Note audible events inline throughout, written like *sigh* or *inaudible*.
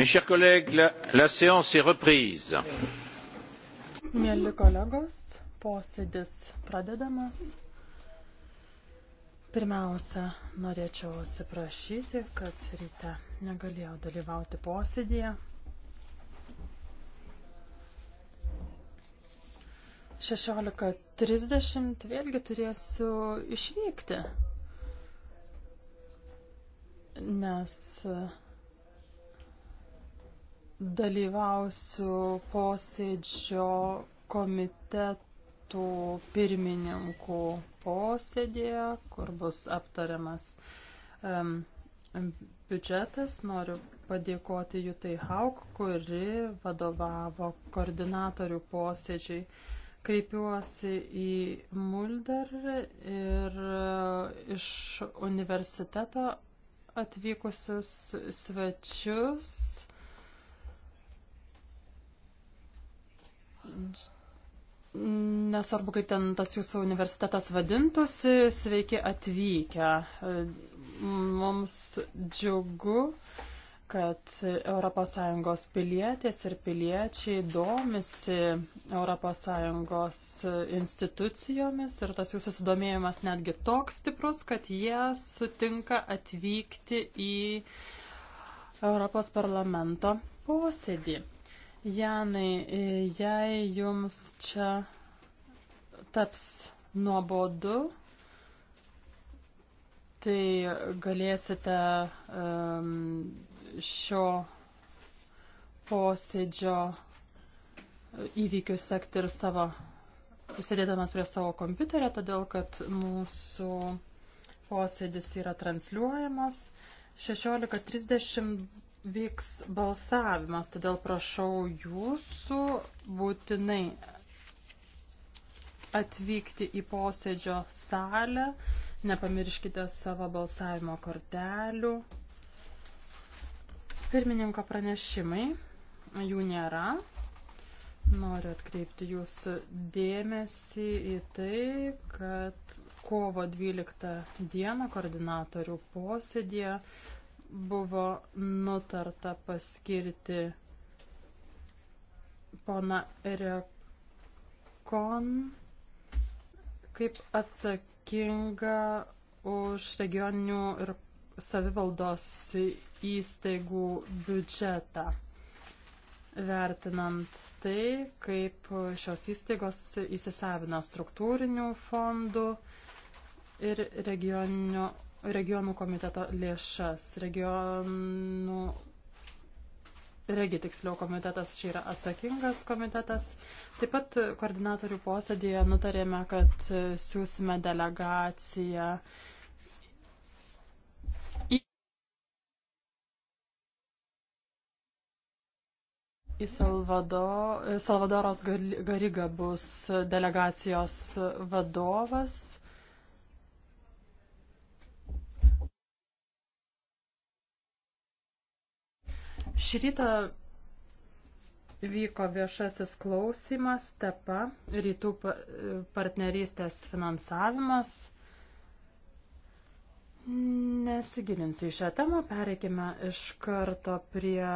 Mes chers collègues, la, la séance est reprise. Mėly kolegos, posėdis pradedamas. Pirmiausia, norėčiau atsiprašyti, kad ryte negalėjau dalyvauti posėdėje. Šešiolika trisdešimt vėlgi turėsiu išvykti, nes dalyvausiu posėdžio komitetų pirmininkų posėdėje, kur bus aptariamas um, biudžetas. Noriu padėkoti Jutai Hauk, kuri vadovavo koordinatorių posėdžiai. Kreipiuosi į Mulder ir e, iš universiteto atvykusius svečius Nesvarbu, kaip ten tas jūsų universitetas vadintųsi, sveiki atvykę. Mums džiugu, kad ES pilietės ir piliečiai domisi ES institucijomis ir tas jų susidomėjimas netgi toks stiprus, kad jie sutinka atvykti į Europos parlamento posėdį. Janai, e, jei jums čia taps nuobodu, tai galėsite um, šio posėdžio įvykių sekti ir savo, sėdėdamas prie savo kompiuterio, todėl kad mūsų posėdis yra transliuojamas. 16.30 vyks balsavimas, todėl prašau jūsų būtinai atvykti į posėdžio salę. Nepamirškite savo balsavimo kortelių. Pirmininko pranešimai, jų nėra. Noriu atkreipti jūsų dėmesį į tai, kad kovo 12 dieną koordinatorių posėdėje buvo nutarta paskirti pona Rekon kaip atsakinga už regioninių ir savivaldos įstaigų biudžetą, vertinant tai, kaip šios įstaigos įsisavina struktūrinių fondų ir regioninio regionų komiteto lėšas. Regionų Regi tiksliau komitetas čia yra atsakingas komitetas. Taip pat koordinatorių posėdėje nutarėme, kad siūsime delegaciją į, į Salvado, Salvadoras Gariga bus delegacijos vadovas. Šį rytą vyko viešasis klausimas, tepa, rytų partnerystės finansavimas. Nesigilinsiu į šią temą, pereikime iš karto prie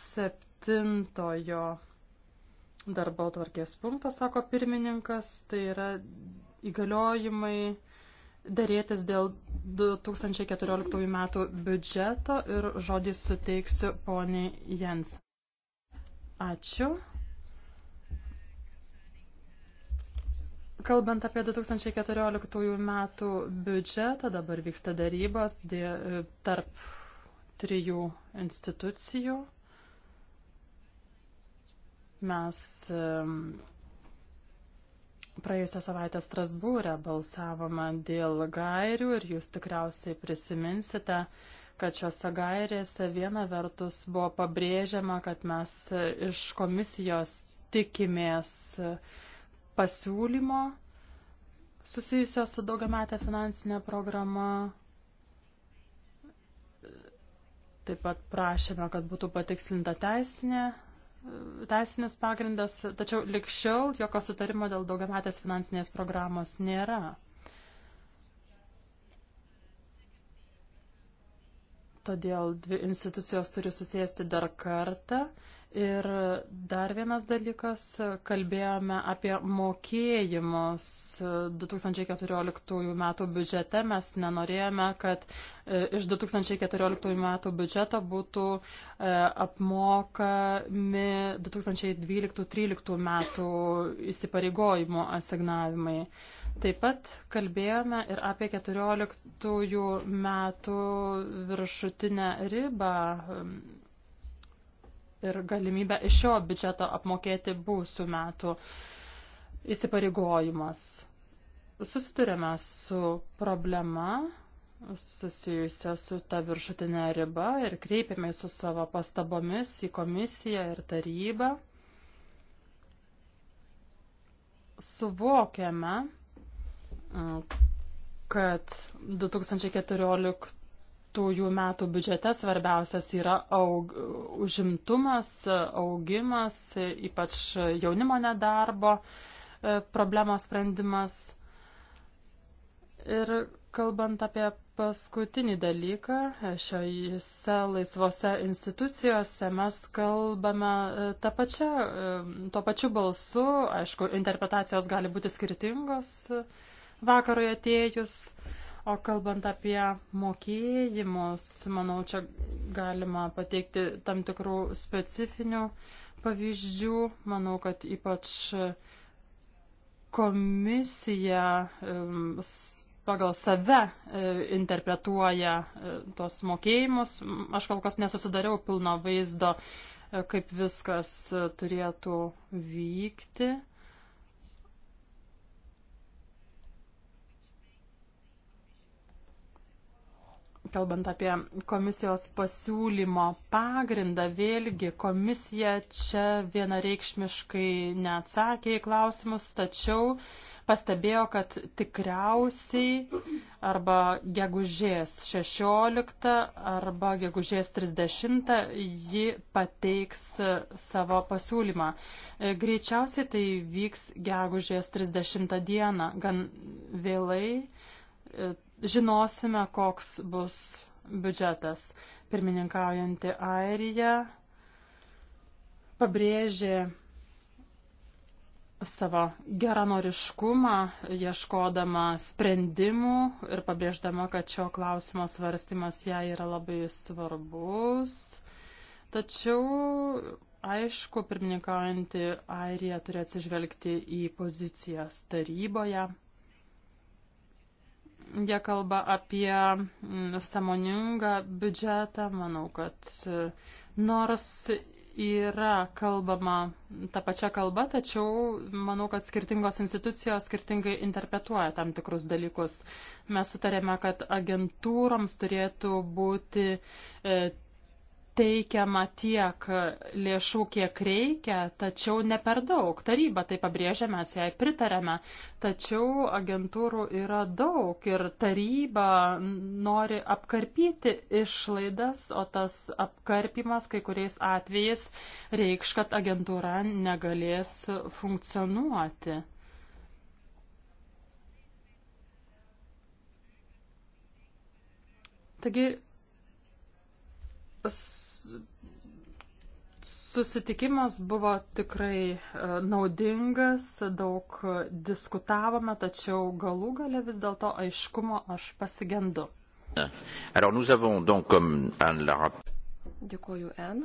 septintojo darbo tvarkės punkto, sako pirmininkas, tai yra įgaliojimai dėrėtis dėl 2014 metų biudžeto ir žodį suteiksiu poniai Jens. Ačiū. Kalbant apie 2014 metų biudžetą, dabar vyksta darybos dė, e, tarp trijų institucijų. Mes Praėjusią savaitę Strasbūrę balsavome dėl gairių ir jūs tikriausiai prisiminsite, kad šiuose gairėse viena vertus buvo pabrėžiama, kad mes iš komisijos tikimės pasiūlymo susijusio su daugiametė finansinė programa. Taip pat prašėme, kad būtų patikslinta teisinė teisinis pagrindas, tačiau likščiau jokio sutarimo dėl daugiametės finansinės programos nėra. Todėl dvi institucijos turi susėsti dar kartą Ir dar vienas dalykas, kalbėjome apie mokėjimus 2014 metų biudžete. Mes nenorėjome, kad e, iš 2014 metų biudžeto būtų e, apmokami 2012-2013 metų įsipareigojimo asignavimai. Taip pat kalbėjome ir apie 14 metų viršutinę ribą ir galimybę iš šio biudžeto apmokėti būsų metų įsipareigojimas. Susidurėme su problema susijusią su ta viršutinė riba ir kreipėmės su savo pastabomis į komisiją ir tarybą. Suvokiame, kad 2014 2015 metų biudžete svarbiausias yra aug, užimtumas, augimas, ypač jaunimo nedarbo e, problemos sprendimas. Ir kalbant apie paskutinį dalyką, šiose laisvose institucijose mes kalbame e, tą pačią, e, tuo pačiu balsu, aišku, interpretacijos gali būti skirtingos vakarui atėjus. O kalbant apie mokėjimus, manau, čia galima pateikti tam tikrų specifinių pavyzdžių. Manau, kad ypač komisija pagal save e, interpretuoja e, tos mokėjimus. Aš kol kas nesusidariau pilno vaizdo, e, kaip viskas turėtų vykti. kalbant apie komisijos pasiūlymo pagrindą, vėlgi komisija čia vienareikšmiškai neatsakė į klausimus, tačiau pastebėjo, kad tikriausiai arba gegužės 16 arba gegužės 30 ji pateiks savo pasiūlymą. Greičiausiai tai vyks gegužės 30 dieną, gan vėlai. E, žinosime, koks bus biudžetas. Pirmininkaujanti Airija pabrėžė savo geranoriškumą, ieškodama sprendimų ir pabrėždama, kad šio klausimo svarstymas jai yra labai svarbus. Tačiau, aišku, pirmininkaujantį Airiją turi atsižvelgti į pozicijas taryboje. Jie kalba apie mm, samoningą biudžetą. Manau, kad e, nors yra kalbama tą pačią kalbą, tačiau manau, kad skirtingos institucijos skirtingai interpretuoja tam tikrus dalykus. Mes sutarėme, kad agentūroms turėtų būti e, teikiama tiek lėšų, kiek reikia, tačiau ne per daug. Taryba tai pabrėžia, mes jai pritarėme, tačiau agentūrų yra daug ir taryba nori apkarpyti išlaidas, o tas apkarpimas kai kuriais atvejais reikš, kad agentūra negalės funkcionuoti. Taigi Susitikimas buvo tikrai e, naudingas, daug diskutavome, tačiau galų gale vis dėlto aiškumo aš pasigendu. Alors, nous avons donc, comme Anne l'a rappelé, Dėkoju, N.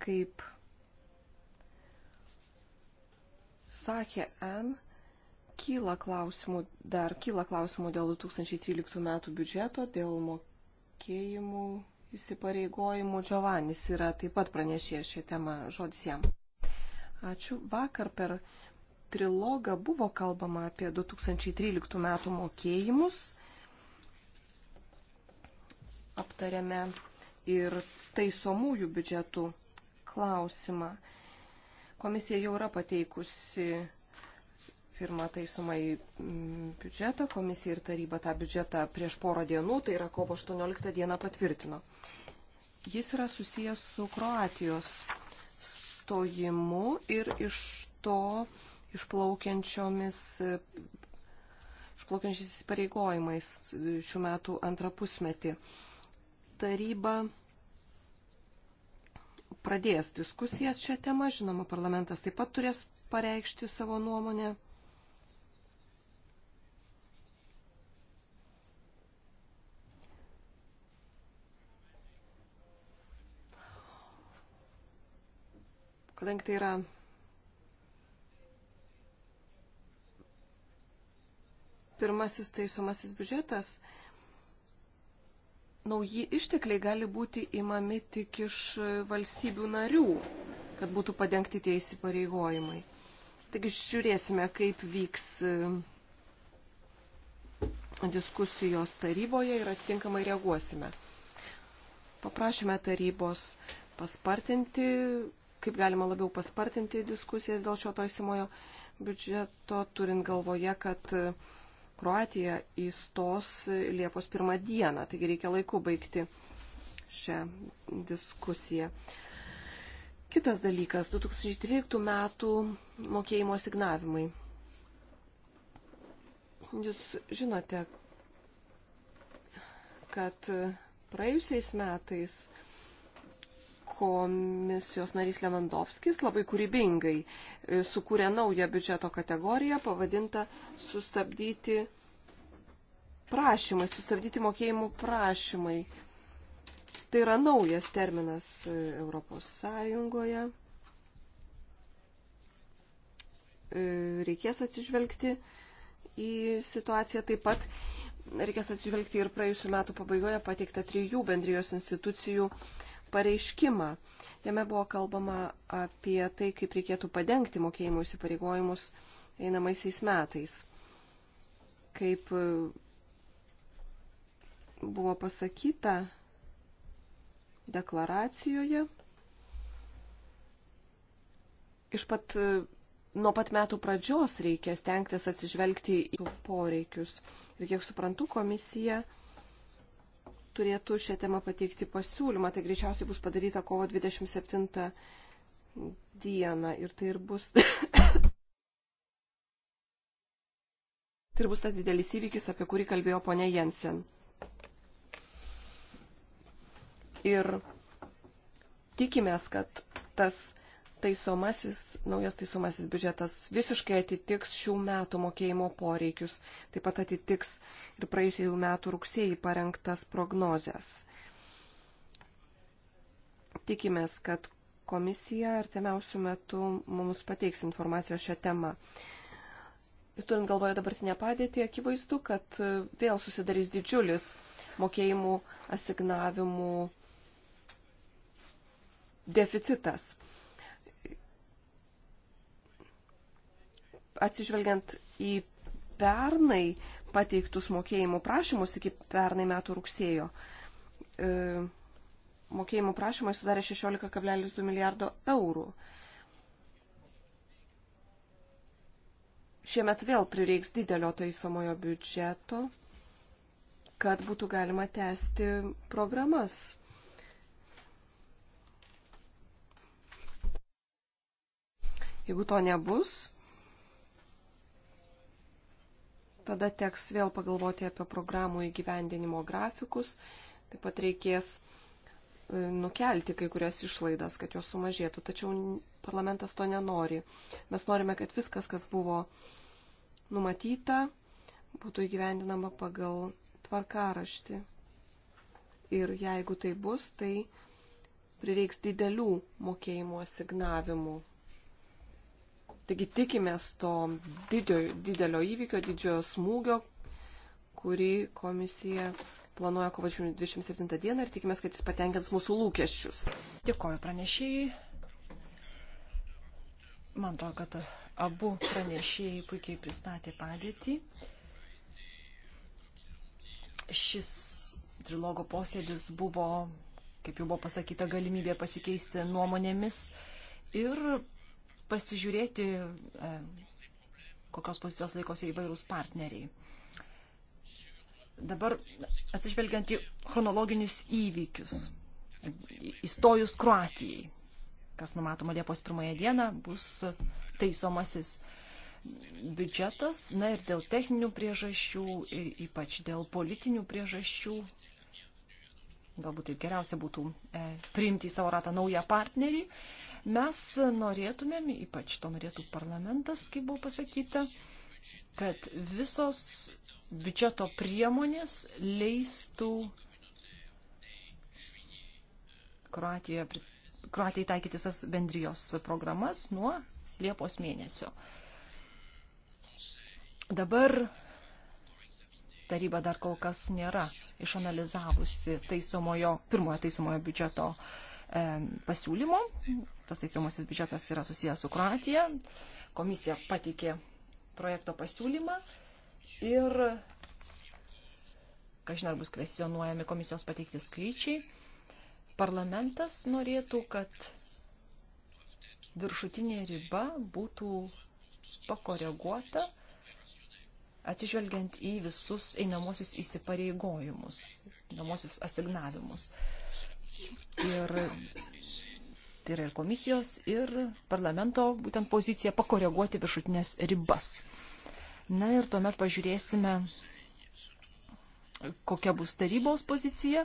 Kaip sakė N, kyla klausimų, dar kyla klausimų dėl 2013 metų biudžeto, dėl mokėjimų įsipareigojimų. Giovannis yra taip pat pranešėjęs šią temą, žodis jam. Ačiū. Vakar per trilogą buvo kalbama apie 2013 metų mokėjimus. Aptarėme ir taisomųjų biudžetų klausimą. Komisija jau yra pateikusi pirmą taisomą į mm, biudžetą. Komisija ir taryba tą biudžetą prieš porą dienų, tai yra kovo 18 dieną patvirtino. Jis yra susijęs su Kroatijos stojimu ir iš to išplaukiančiomis išplaukiančiais įsipareigojimais šių metų antrą pusmetį. Taryba pradės diskusijas šią temą, žinoma, parlamentas taip pat turės pareikšti savo nuomonę. kadangi tai yra pirmasis taisomasis biudžetas, nauji ištekliai gali būti imami tik iš valstybių narių, kad būtų padengti tie įsipareigojimai. Taigi žiūrėsime, kaip vyks e, diskusijos taryboje ir atitinkamai reaguosime. Paprašėme tarybos paspartinti kaip galima labiau paspartinti diskusijas dėl šio toistimojo biudžeto, turint galvoje, kad e, Kroatija įstos Liepos pirmą dieną, taigi reikia laiku baigti šią diskusiją. Kitas dalykas - 2013 metų mokėjimo signavimai. Jūs žinote, kad praėjusiais metais komisijos narys Lewandowskis labai kūrybingai e, sukūrė naują biudžeto kategoriją pavadintą sustabdyti prašymai, sustabdyti mokėjimų prašymai. Tai yra naujas terminas e, Europos Sąjungoje. E, reikės atsižvelgti į situaciją taip pat. Reikės atsižvelgti ir praėjusiu metu pabaigoje pateiktą trijų bendrijos institucijų uh, pareiškimą. Jame buvo kalbama apie tai, kaip reikėtų padengti mokėjimų įsipareigojimus einamaisiais metais. Kaip e, buvo pasakyta deklaracijoje, iš pat e, nuo pat metų pradžios reikia stengtis atsižvelgti į poreikius. Ir kiek suprantu, komisija turėtų šią temą pateikti pasiūlymą. Tai greičiausiai bus padaryta kovo 27 dieną ir tai ir bus. *coughs* tai ir bus tas didelis įvykis, apie kurį kalbėjo ponė Jensen. Ir tikimės, kad tas taisomasis, naujas taisomasis biudžetas visiškai atitiks šių metų mokėjimo poreikius, taip pat atitiks ir praėjusių metų rugsėjai parengtas prognozes. Tikimės, kad komisija artimiausių metų mums pateiks informacijos šią temą. Ir turint galvoje dabartinę padėtį, akivaizdu, kad vėl susidarys didžiulis mokėjimų asignavimų deficitas. atsižvelgiant į pernai pateiktus mokėjimų prašymus iki pernai metų rugsėjo, e, mokėjimų prašymai sudarė 16,2 milijardo eurų. Šiemet vėl prireiks didelio taisomojo biudžeto, kad būtų galima tęsti programas. Jeigu to nebus, Tada teks vėl pagalvoti apie programų įgyvendinimo grafikus. Taip pat reikės e, nukelti kai kurias išlaidas, kad jos sumažėtų. Tačiau parlamentas to nenori. Mes norime, kad viskas, kas buvo numatyta, būtų įgyvendinama pagal tvarkaraštį. Ir jeigu tai bus, tai prireiks didelių mokėjimo asignavimų Taigi tikimės to didžio, didelio įvykio, didžiojo smūgio, kurį komisija planuoja kovo 27 dieną ir tikimės, kad jis patenkins mūsų lūkesčius. Dėkoju pranešėjai. Man atrodo, kad abu pranešėjai puikiai pristatė padėtį. Šis trilogo posėdis buvo, kaip jau buvo pasakyta, galimybė pasikeisti nuomonėmis ir pasižiūrėti, e, kokios pozicijos laikosi įvairūs partneriai. Dabar atsižvelgiant į chronologinius įvykius, įstojus Kroatijai, kas numatoma Liepos pirmąją dieną, bus taisomasis biudžetas, na ir dėl techninių priežasčių, ypač dėl politinių priežasčių, galbūt taip geriausia būtų e, priimti į savo ratą naują partnerį. E, Mes norėtumėm, ypač to norėtų parlamentas, kaip buvo pasakyta, kad visos biudžeto priemonės leistų Kroatijoje, Kroatijai taikyti visas bendrijos programas nuo Liepos mėnesio. Dabar taryba dar kol kas nėra išanalizavusi taisomojo, pirmojo taisomojo biudžeto uh, E, pasiūlymų. Tas taisomasis biudžetas yra susijęs su Kroatija. Komisija pateikė projekto pasiūlymą ir, kažin ar bus kvesionuojami komisijos pateikti skaičiai, parlamentas norėtų, kad viršutinė riba būtų pakoreguota atsižvelgiant į visus einamosius įsipareigojimus, einamosius asignavimus. Ir tai yra ir komisijos, ir parlamento būtent pozicija pakoreguoti viršutinės ribas. Na ir tuomet pažiūrėsime, kokia bus tarybos pozicija,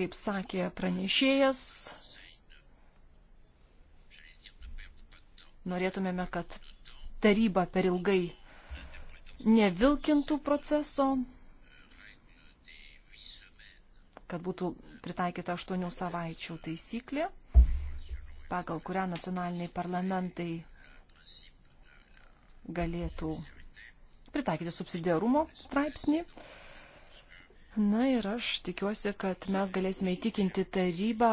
kaip sakė pranešėjas. Norėtumėme, kad taryba per ilgai nevilkintų proceso, kad būtų pritaikyta 8 savaičių taisyklė, pagal kurią nacionaliniai parlamentai galėtų pritaikyti subsidiarumo straipsnį. Na ir aš tikiuosi, kad mes galėsime įtikinti tarybą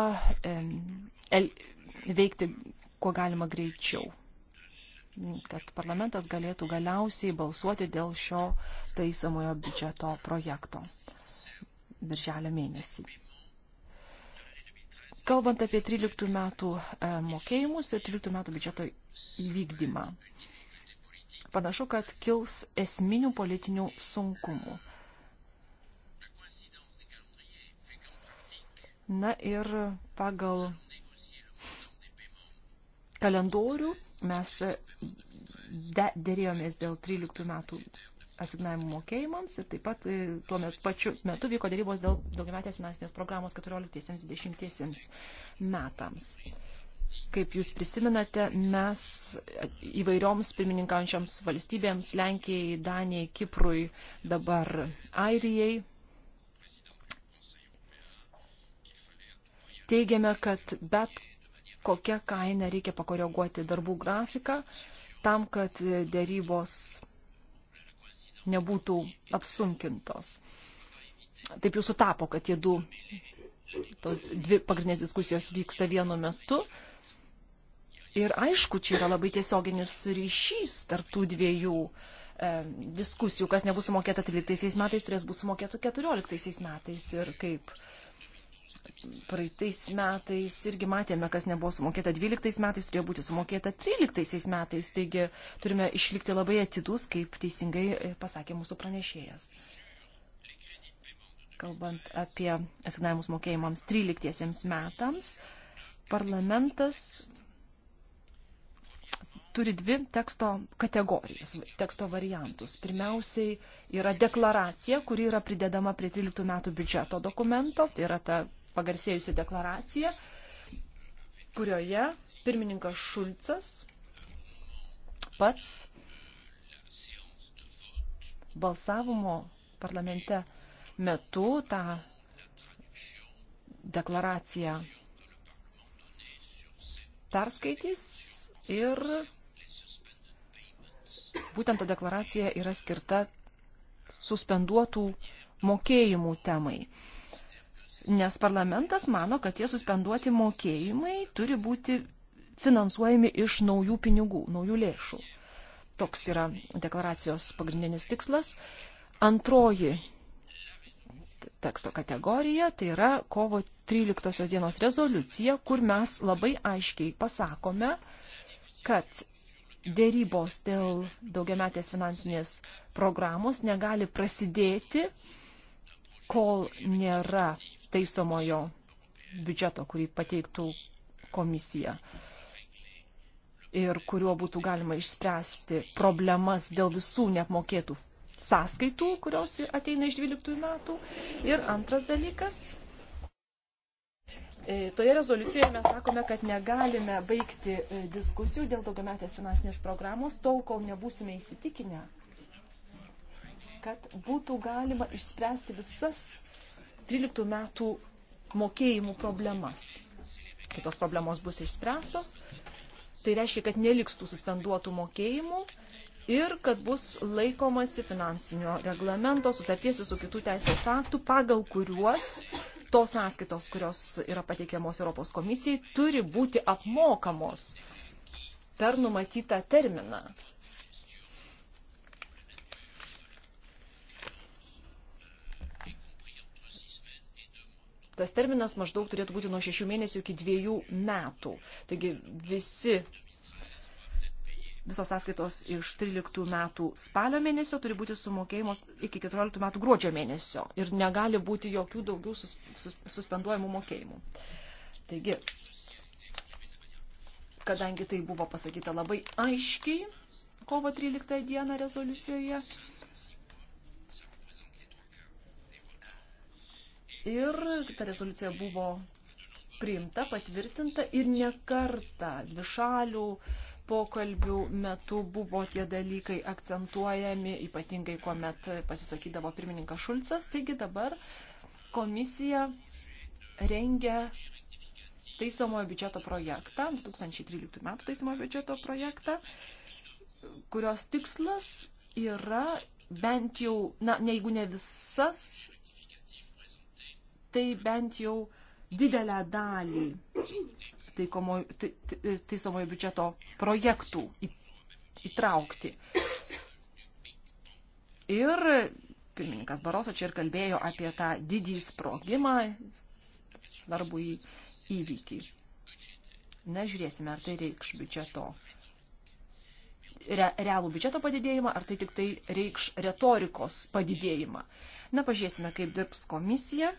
el, veikti kuo galima greičiau, kad parlamentas galėtų galiausiai balsuoti dėl šio taisomojo biudžeto projekto birželio mėnesį. Kalbant apie 13 metų e, mokėjimus ir 13 metų biudžeto įvykdymą, panašu, kad kils esminių politinių sunkumų. Na ir pagal kalendorių mes dėrėjomės dėl 13 metų asignavimų mokėjimams ir taip pat e, tuo met, pačiu metu vyko dėrybos dėl daugiametės finansinės programos 14-20 metams. Kaip jūs prisiminate, mes įvairioms pirmininkaujančioms valstybėms, Lenkijai, Danijai, Kiprui, dabar Airijai, teigiame, kad bet kokią kainą reikia pakoreguoti darbų grafiką tam, kad e, dėrybos nebūtų apsunkintos. Taip jau sutapo, kad tie du, tos dvi pagrindinės diskusijos vyksta vienu metu. Ir aišku, čia yra labai tiesioginis ryšys tarptų dviejų e, diskusijų, kas nebus sumokėta 13 metais, turės bus sumokėta 14 metais ir kaip praeitais metais irgi matėme, kas nebuvo sumokėta 12 metais, turėjo būti sumokėta 13 metais, taigi turime išlikti labai atidus, kaip teisingai pasakė mūsų pranešėjas. Kalbant apie asignavimus mokėjimams 13 metams, parlamentas turi dvi teksto kategorijas, teksto variantus. Pirmiausiai yra deklaracija, kuri yra pridedama prie 13 metų biudžeto dokumento, tai yra ta pagarsėjusi deklaracija, kurioje pirmininkas Šulcas pats balsavimo parlamente metu tą deklaraciją perskaitys ir būtent ta deklaracija yra skirta suspenduotų mokėjimų temai nes parlamentas mano, kad tie suspenduoti mokėjimai turi būti finansuojami iš naujų pinigų, naujų lėšų. Toks yra deklaracijos pagrindinis tikslas. Antroji teksto kategorija tai yra kovo 13 dienos rezoliucija, kur mes labai aiškiai pasakome, kad dėrybos dėl daugiametės finansinės programos negali prasidėti uh, kol nėra taisomojo biudžeto, kurį pateiktų komisija ir kuriuo būtų galima išspręsti problemas dėl visų neapmokėtų sąskaitų, kurios ateina iš 12 metų. Ir antras dalykas. E, toje rezoliucijoje mes sakome, kad negalime baigti e, diskusijų dėl daugiametės finansinės programos tol, kol nebūsime įsitikinę, kad būtų galima išspręsti visas 13 metų mokėjimų problemas. Kitos problemos bus išspręstos, tai reiškia, kad neliks tų suspenduotų mokėjimų ir kad bus laikomasi finansinio reglamento, sutarties visų kitų teisės aktų, pagal kuriuos tos sąskaitos, kurios yra pateikiamos Europos komisijai, turi būti apmokamos per numatytą terminą. tas terminas maždaug turėtų būti nuo šešių mėnesių iki dviejų metų. Taigi visi, visos sąskaitos iš 13 metų spalio mėnesio turi būti sumokėjimos iki 14 metų gruodžio mėnesio ir negali būti jokių daugiau sus, sus, suspenduojamų mokėjimų. Taigi, kadangi tai buvo pasakyta labai aiškiai kovo 13 dieną rezoliucijoje, Ir ta rezoliucija buvo priimta, patvirtinta ir nekarta dvišalių pokalbių metu buvo tie dalykai akcentuojami, ypatingai kuomet pasisakydavo pirmininkas Šulcas. Taigi dabar komisija rengia taisomojo biudžeto projektą, 2013 metų taisomojo biudžeto projektą, kurios tikslas yra bent jau, na, ne jeigu ne visas tai bent jau didelę dalį taikomojo tai, tai, tai biudžeto projektų įtraukti. Ir pirmininkas Baroso čia ir kalbėjo apie tą didį sprogimą, svarbų į įvykį. Na, žiūrėsime, ar tai reikš biudžeto, re, realų biudžeto padidėjimą, ar tai tik tai reikš retorikos padidėjimą. Na, pažiūrėsime, kaip dirbs komisija.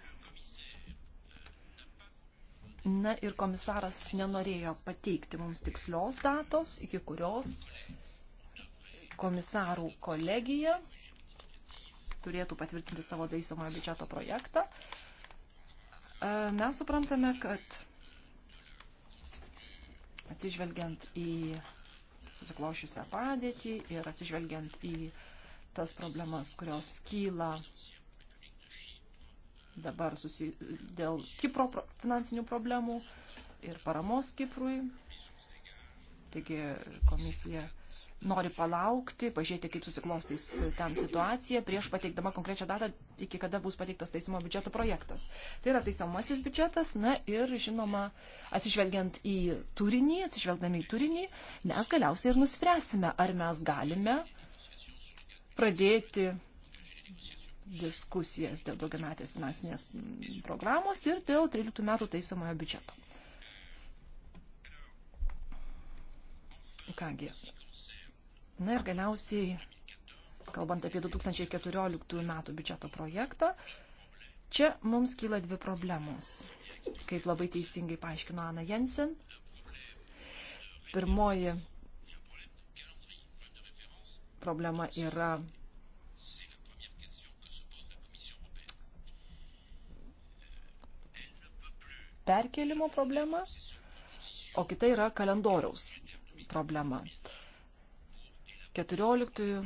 Na ir komisaras nenorėjo pateikti mums tikslios datos, iki kurios komisarų kolegija turėtų patvirtinti savo daisomojo biudžeto projektą. E, mes suprantame, kad atsižvelgiant į susiklošiusią padėtį ir atsižvelgiant į tas problemas, kurios kyla dabar susi... dėl Kipro pro... finansinių problemų ir paramos Kiprui. Taigi komisija nori palaukti, pažiūrėti, kaip susiklostys ten situacija, prieš pateikdama konkrečią datą, iki kada bus pateiktas taisymo biudžeto projektas. Tai yra taisomasis biudžetas, na ir žinoma, atsižvelgiant į turinį, atsižvelgdami į turinį, mes galiausiai ir nuspręsime, ar mes galime pradėti diskusijas dėl daugiametės finansinės programos ir dėl 13 metų taisomojo biudžeto. Kągi. Na ir galiausiai, kalbant apie 2014 metų biudžeto projektą, čia mums kyla dvi problemos. Kaip labai teisingai paaiškino Ana Jensen, pirmoji problema yra perkelimo problema, o kita yra kalendoriaus problema. 14-20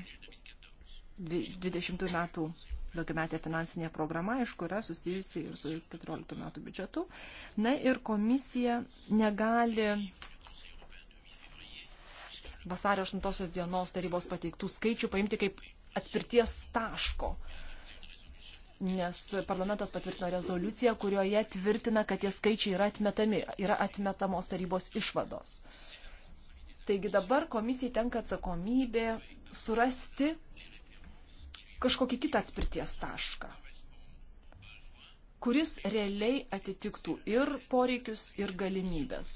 metų daugiametė finansinė programa, aišku, yra susijusi ir su 14 metų biudžetu. Na ir komisija negali vasario 8 dienos tarybos pateiktų skaičių paimti kaip atspirties taško. Uh, nes parlamentas patvirtino rezoliuciją, kurioje tvirtina, kad tie skaičiai yra atmetami, yra atmetamos tarybos išvados. Taigi dabar komisijai tenka atsakomybė surasti kažkokį kitą atspirties tašką, kuris realiai atitiktų ir poreikius, ir galimybės.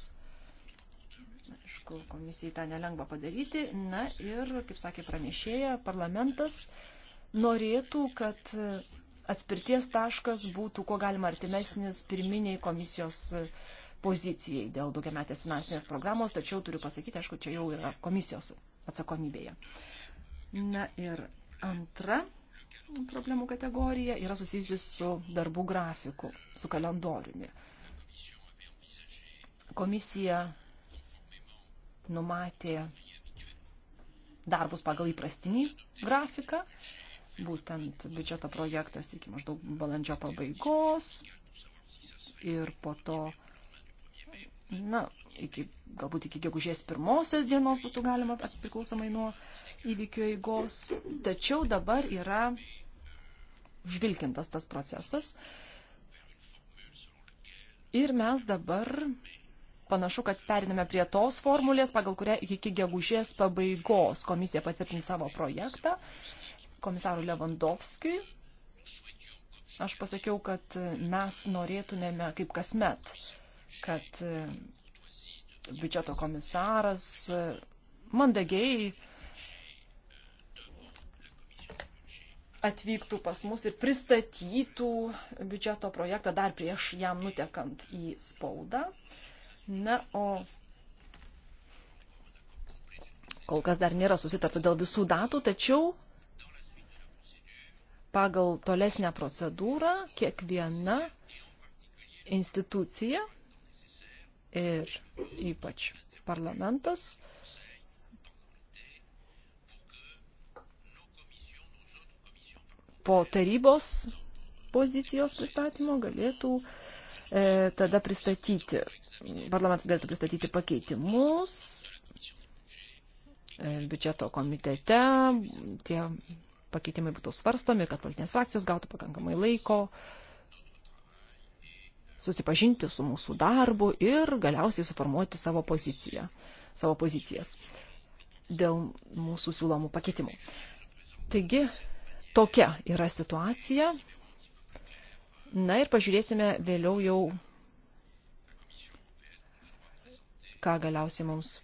Aišku, komisijai tą nelengva padaryti. Na ir, kaip sakė pranešėja, parlamentas norėtų, kad atspirties taškas būtų kuo galima artimesnis pirminiai komisijos pozicijai dėl daugiametės finansinės programos, tačiau turiu pasakyti, aišku, čia jau yra komisijos atsakomybėje. Na ir antra problemų kategorija yra susijusi su darbų grafiku, su kalendoriumi. Komisija numatė darbus pagal įprastinį grafiką, būtent biudžeto projektas iki maždaug balandžio pabaigos ir po to, na, iki, galbūt iki gegužės pirmosios dienos būtų galima priklausomai nuo įvykių eigos. Tačiau dabar yra žvilkintas tas procesas. Ir mes dabar panašu, kad periname prie tos formulės, pagal kurią iki gegužės pabaigos komisija patvirtins savo projektą. Uh, komisarui Levandovskijui. Aš pasakiau, kad mes norėtumėme kaip kasmet, kad e, biudžeto komisaras e, mandagiai atvyktų pas mus ir pristatytų biudžeto projektą dar prieš jam nutekant į spaudą. Na, o kol kas dar nėra susitarta dėl visų datų, tačiau pagal tolesnę procedūrą kiekviena institucija ir ypač parlamentas po tarybos pozicijos pristatymo galėtų e, tada pristatyti, parlamentas galėtų pristatyti pakeitimus e, biudžeto komitete, tie pakeitimai būtų svarstomi, kad politinės frakcijos gautų pakankamai laiko susipažinti su mūsų darbu ir galiausiai suformuoti savo poziciją, savo pozicijas dėl mūsų siūlomų pakeitimų. Taigi, tokia yra situacija. Na ir pažiūrėsime vėliau jau, ką galiausiai mums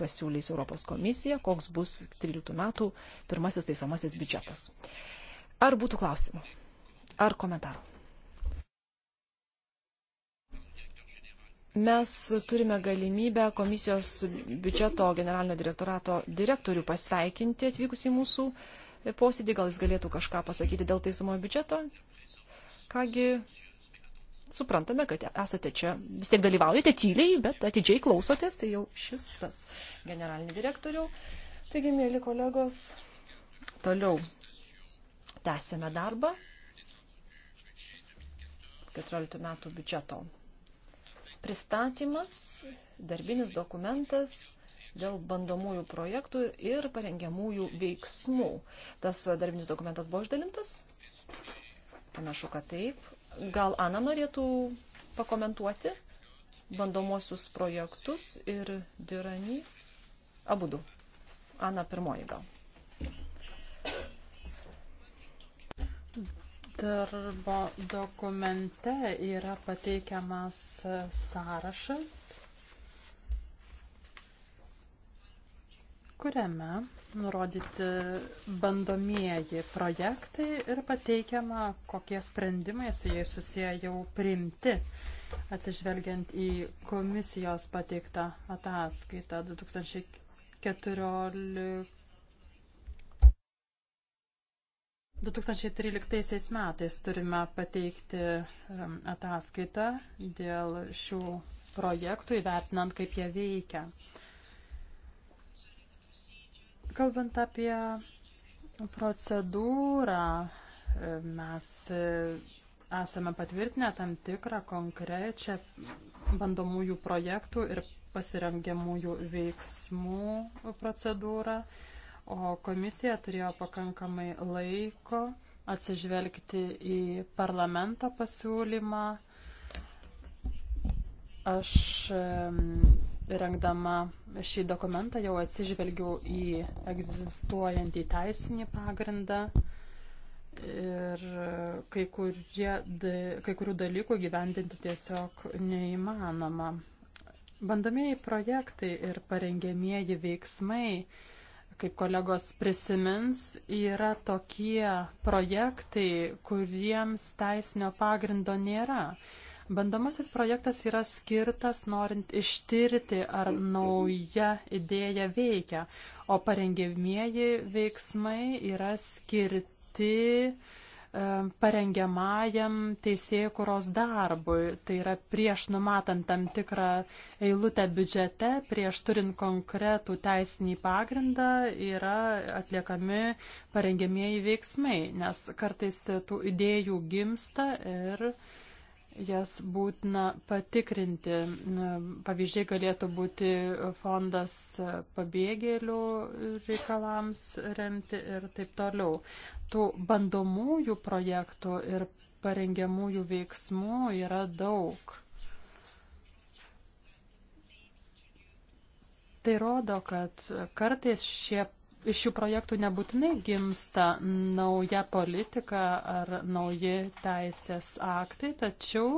pasiūlys Europos komisija, koks bus 13 metų pirmasis taisomasis biudžetas. Ar būtų klausimų? Ar komentarų? Mes turime galimybę komisijos biudžeto generalinio direktorato direktorių pasveikinti atvykus į mūsų posėdį. Gal jis galėtų kažką pasakyti dėl taisomojo biudžeto? Kągi, suprantame, kad esate čia, vis tiek dalyvaujate tyliai, bet atidžiai klausotės, tai jau šis tas generalinį direktorių. Taigi, mėly kolegos, toliau tęsėme darbą 14 metų biudžeto. Pristatymas, darbinis dokumentas dėl bandomųjų projektų ir parengiamųjų veiksmų. Tas darbinis dokumentas buvo išdalintas? Panašu, kad taip. Gal Ana norėtų pakomentuoti bandomosius projektus ir Dirani? Abu du. Ana pirmoji gal. Darbo dokumente yra pateikiamas sąrašas kuriame nurodyti bandomieji projektai ir pateikiama, kokie sprendimai su jais susiję jau priimti, atsižvelgiant į komisijos pateiktą ataskaitą 2014. 2013 metais turime pateikti um, ataskaitą dėl šių projektų, įvertinant, kaip jie veikia. Kalbant apie procedūrą, mes esame patvirtinę tam tikrą konkrečią bandomųjų projektų ir pasirengiamųjų veiksmų procedūrą, o komisija turėjo pakankamai laiko atsižvelgti į parlamento pasiūlymą. Aš rengdama šį dokumentą jau atsižvelgiau į egzistuojantį teisinį pagrindą ir kai, kurie, kai kurių dalykų gyvendinti tiesiog neįmanoma. Bandomieji projektai ir parengėmieji veiksmai, kaip kolegos prisimins, yra tokie projektai, kuriems teisinio pagrindo nėra. Bandomasis projektas yra skirtas norint ištirti, ar nauja idėja veikia, o parengėmieji veiksmai yra skirti e, parengiamajam teisėkuros darbui. Tai yra prieš numatant tam tikrą eilutę biudžete, prieš turint konkretų teisinį pagrindą yra atliekami parengiamieji veiksmai, nes kartais tų idėjų gimsta ir uh, jas būtina patikrinti. Pavyzdžiai galėtų būti fondas pabėgėlių reikalams remti ir taip toliau. Tų bandomųjų projektų ir parengiamųjų veiksmų yra daug. Tai rodo, kad kartais šie iš šių projektų nebūtinai gimsta nauja politika ar nauji teisės aktai, tačiau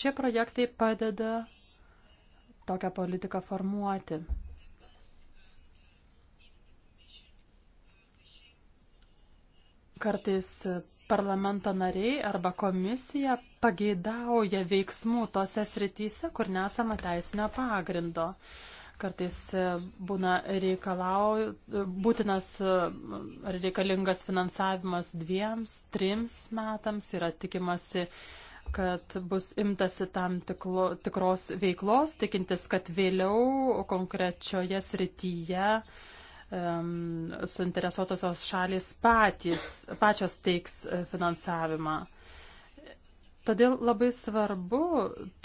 šie projektai padeda tokią politiką formuoti. Kartais parlamento nariai arba komisija pageidauja veiksmų tose srityse, kur nesama teisinio pagrindo. Kartais e, būna reikalau, e, būtinas e, ar reikalingas finansavimas dviems, trims metams, yra tikimasi, kad bus imtasi tam tiklo, tikros veiklos, tikintis, kad vėliau konkrečioje srityje um, suinteresuotosios šalis patys, pačios teiks finansavimą. Todėl labai svarbu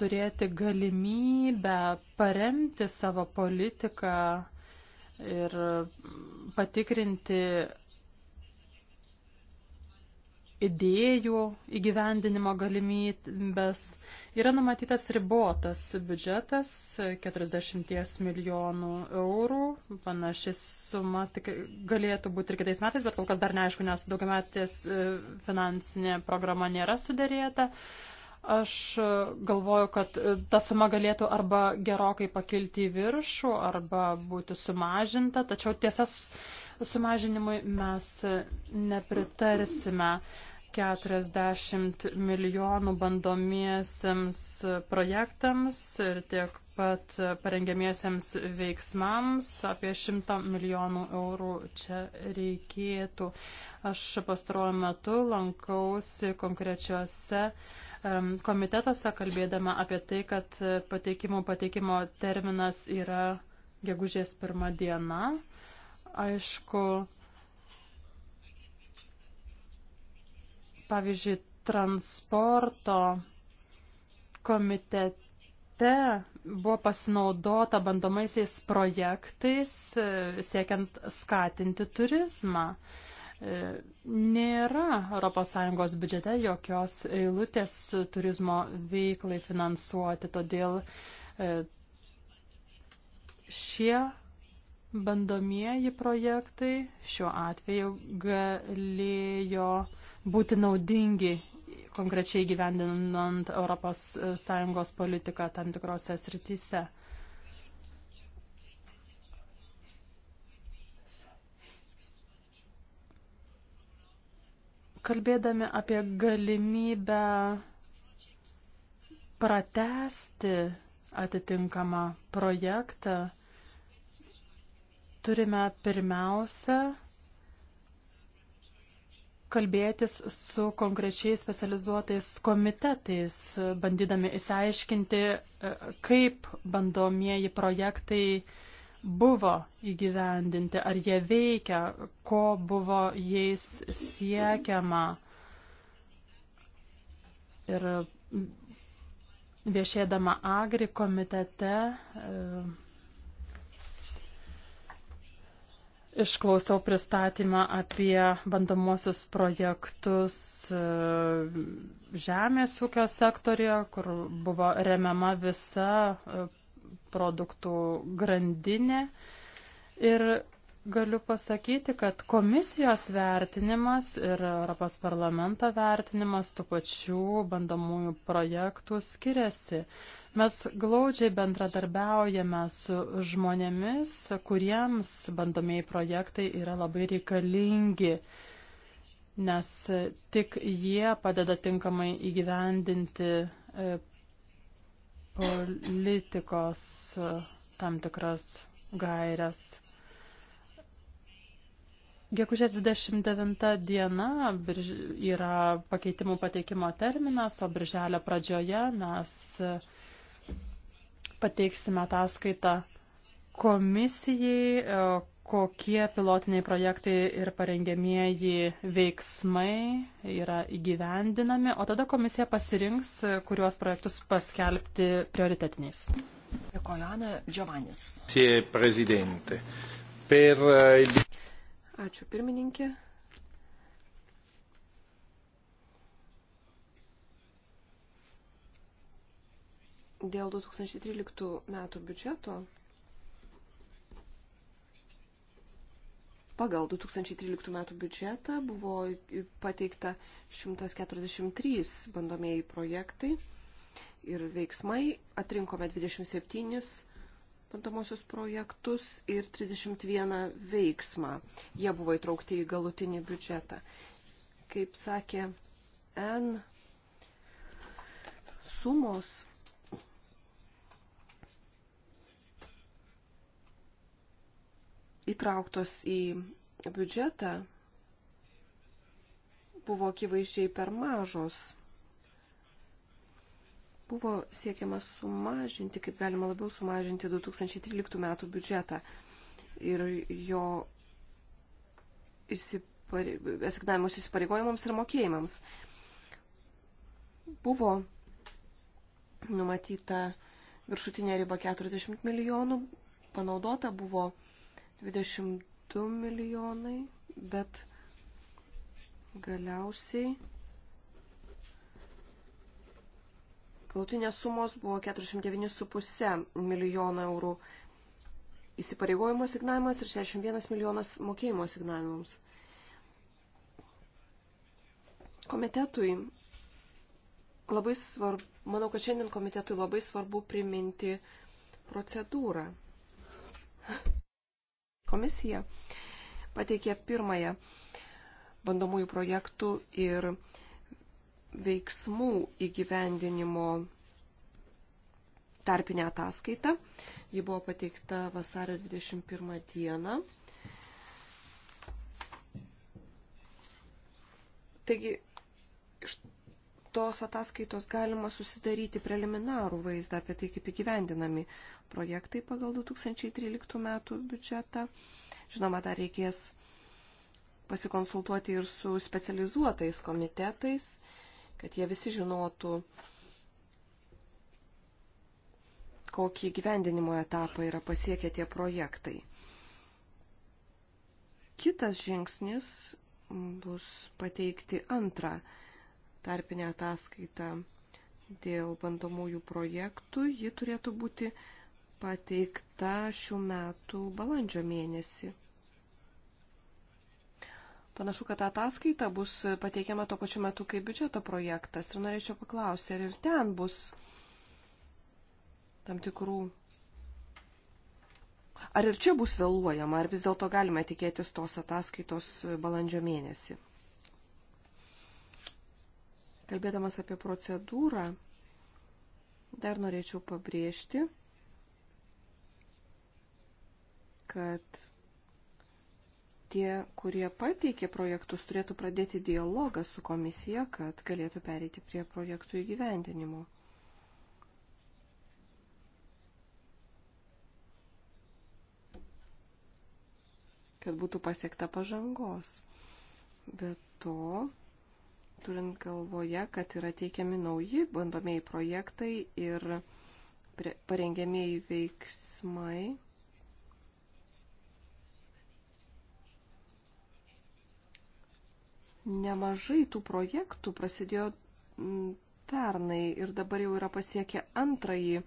turėti galimybę paremti savo politiką ir patikrinti, idėjų įgyvendinimo galimybės. Yra numatytas ribotas biudžetas 40 milijonų eurų. Panaši suma tik galėtų būti ir kitais metais, bet kol kas dar neaišku, nes daugiametės e, finansinė programa nėra sudėrėta. Aš e, galvoju, kad e, ta suma galėtų arba gerokai pakilti į viršų, arba būti sumažinta, tačiau tiesas sumažinimui mes nepritarsime. 40 milijonų bandomiesiems projektams ir tiek pat parengiamiesiems veiksmams. Apie 100 milijonų eurų čia reikėtų. Aš pastaruoju metu lankausi konkrečiuose komitetuose, kalbėdama apie tai, kad pateikimų pateikimo terminas yra gegužės pirmą dieną. Aišku, pavyzdžiui, transporto komitete buvo pasinaudota bandomaisiais projektais, e, siekiant skatinti turizmą. E, nėra ES biudžete jokios eilutės turizmo veiklai finansuoti, todėl e, šie bandomieji projektai šiuo atveju galėjo uh, būti naudingi konkrečiai gyvendinant ES politiką tam tikrose srityse. Kalbėdami apie galimybę pratesti atitinkamą projektą, turime pirmiausia kalbėtis su konkrečiai specializuotais komitetais, bandydami įsiaiškinti, e, kaip bandomieji projektai buvo įgyvendinti, ar jie veikia, ko buvo jais siekiama. Ir viešėdama Agri komitete e, Išklausiau pristatymą apie bandomuosius projektus e, žemės ūkio sektorija, kur buvo remiama visa e, produktų grandinė. Ir galiu pasakyti, kad komisijos vertinimas ir Europos parlamento vertinimas tų pačių bandomųjų projektų skiriasi. Mes glaudžiai bendradarbiaujame su žmonėmis, kuriems bandomieji projektai yra labai reikalingi, nes tik jie padeda tinkamai įgyvendinti e, politikos e, tam tikras gairias. Gegužės 29 diena birž... yra pakeitimų pateikimo terminas, o birželio pradžioje mes pateiksime ataskaitą komisijai, e, kokie pilotiniai projektai ir parengiamieji veiksmai yra įgyvendinami, o tada komisija pasirinks, kuriuos projektus paskelbti prioritetiniais. Dėkoju, Ana Džiovanis. Sė prezidentė. Per... Eh, Ačiū pirmininkė. Dėl 2013 metų biudžeto pagal 2013 metų biudžetą buvo pateikta 143 bandomieji projektai ir veiksmai. Atrinkome 27 bandomosius projektus ir 31 veiksmą. Jie buvo įtraukti į galutinį biudžetą. Kaip sakė N, sumos įtrauktos į biudžetą buvo akivaizdžiai per mažos buvo siekiama sumažinti, kaip galima labiau sumažinti 2013 metų biudžetą ir jo įsipare... asignavimus įsipareigojimams ir mokėjimams. Buvo numatyta viršutinė riba 40 milijonų, panaudota buvo 22 milijonai, bet galiausiai Galutinės sumos buvo 49,5 milijono eurų įsipareigojimo signavimas ir 61 milijonas mokėjimo signavimams. Komitetui labai svarbu, manau, kad šiandien komitetui labai svarbu priminti procedūrą. Komisija pateikė pirmąją bandomųjų projektų ir veiksmų įgyvendinimo tarpinę ataskaitą. Ji buvo pateikta vasario 21 dieną. Taigi, iš tos ataskaitos galima susidaryti preliminarų vaizdą apie tai, kaip įgyvendinami projektai pagal 2013 metų biudžetą. Žinoma, dar reikės pasikonsultuoti ir su specializuotais komitetais kad jie visi žinotų, kokį gyvendinimo etapą yra pasiekę tie projektai. Kitas žingsnis bus pateikti antrą tarpinę ataskaitą dėl bandomųjų projektų. Ji turėtų būti pateikta šių metų balandžio mėnesį. Panašu, kad ta ataskaita bus pateikiama to pačiu metu kaip biudžeto projektas. Ir norėčiau paklausti, ar ir ten bus tam tikrų. Ar ir čia bus vėluojama, ar vis dėlto galime tikėtis tos ataskaitos balandžio mėnesį? Kalbėdamas apie procedūrą, dar norėčiau pabrėžti, kad tie, kurie pateikė projektus, turėtų pradėti dialogą su komisija, kad galėtų pereiti prie projektų įgyvendinimo. Kad būtų pasiekta pažangos. Bet to, turint galvoje, kad yra teikiami nauji bandomieji projektai ir parengėmieji veiksmai, nemažai tų projektų prasidėjo mm, pernai ir dabar jau yra pasiekę antrąjį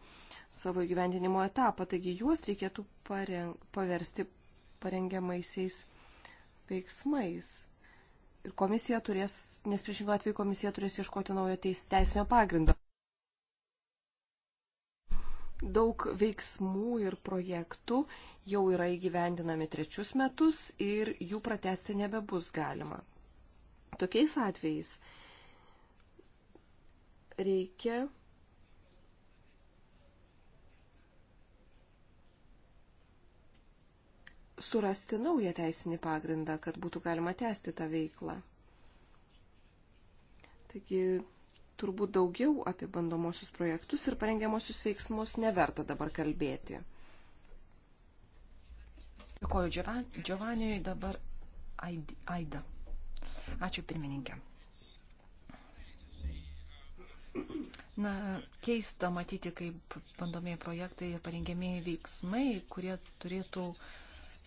savo gyvendinimo etapą, taigi juos reikėtų pareng, paversti parengiamaisiais veiksmais. Ir komisija turės, nes priešingų atveju komisija turės ieškoti naujo teis, teisinio pagrindo. Daug veiksmų ir projektų jau yra įgyvendinami trečius metus ir jų pratesti nebebus galima. Tokiais atvejais reikia surasti naują teisinį pagrindą, kad būtų galima tęsti tą veiklą. Taigi turbūt daugiau apie bandomosius projektus ir parengiamosius veiksmus neverta dabar kalbėti. Dėkoju Giovanniui, dabar Aida. Ačiū pirmininkė. Na, keista matyti, kaip bandomieji projektai ir parengėmieji veiksmai, kurie turėtų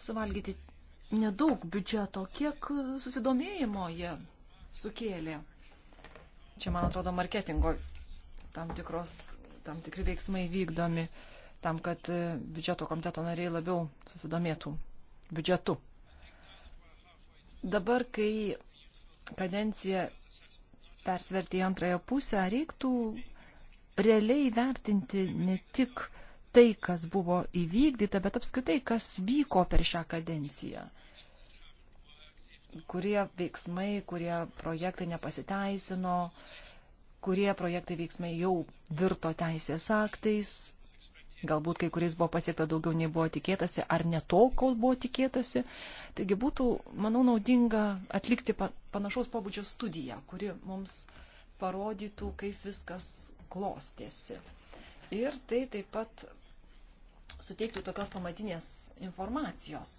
suvalgyti nedaug biudžeto, kiek susidomėjimo jie sukėlė. Čia, man atrodo, marketingo tam, tikros, tam tikri veiksmai vykdomi tam, kad e, biudžeto komiteto nariai labiau susidomėtų biudžetu. Dabar, kai kadenciją persverti į antrąją pusę, reiktų realiai vertinti ne tik tai, kas buvo įvykdyta, bet apskritai, kas vyko per šią kadenciją. Kurie veiksmai, kurie projektai nepasiteisino, kurie projektai veiksmai jau virto teisės aktais, Galbūt kai kuriais buvo pasiekta daugiau nei buvo tikėtasi, ar ne to, kol buvo tikėtasi. Taigi būtų, manau, naudinga atlikti panašaus pobūdžio studiją, kuri mums parodytų, kaip viskas klostėsi. Ir tai taip pat suteiktų tokios pamatinės informacijos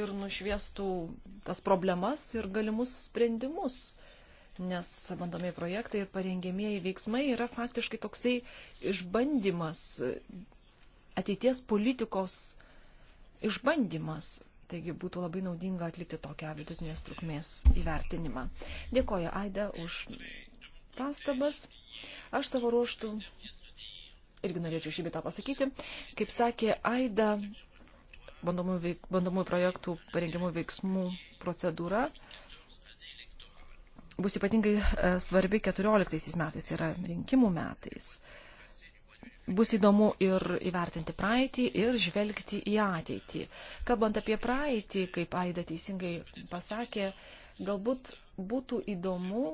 ir nušviestų tas problemas ir galimus sprendimus nes bandomieji projektai ir parengėmieji veiksmai yra faktiškai toksai išbandymas, ateities politikos išbandymas. Taigi būtų labai naudinga atlikti tokią vidutinės trukmės įvertinimą. Dėkoju Aida už pastabas. Aš savo ruoštų irgi norėčiau šį bitą pasakyti. Kaip sakė Aida, bandomųjų, veik, bandomųjų projektų parengimų veiksmų procedūra bus ypatingai e, svarbi 14 metais, tai yra rinkimų metais. Bus įdomu ir įvertinti praeitį, ir žvelgti į ateitį. Kalbant apie praeitį, kaip Aida teisingai pasakė, galbūt būtų įdomu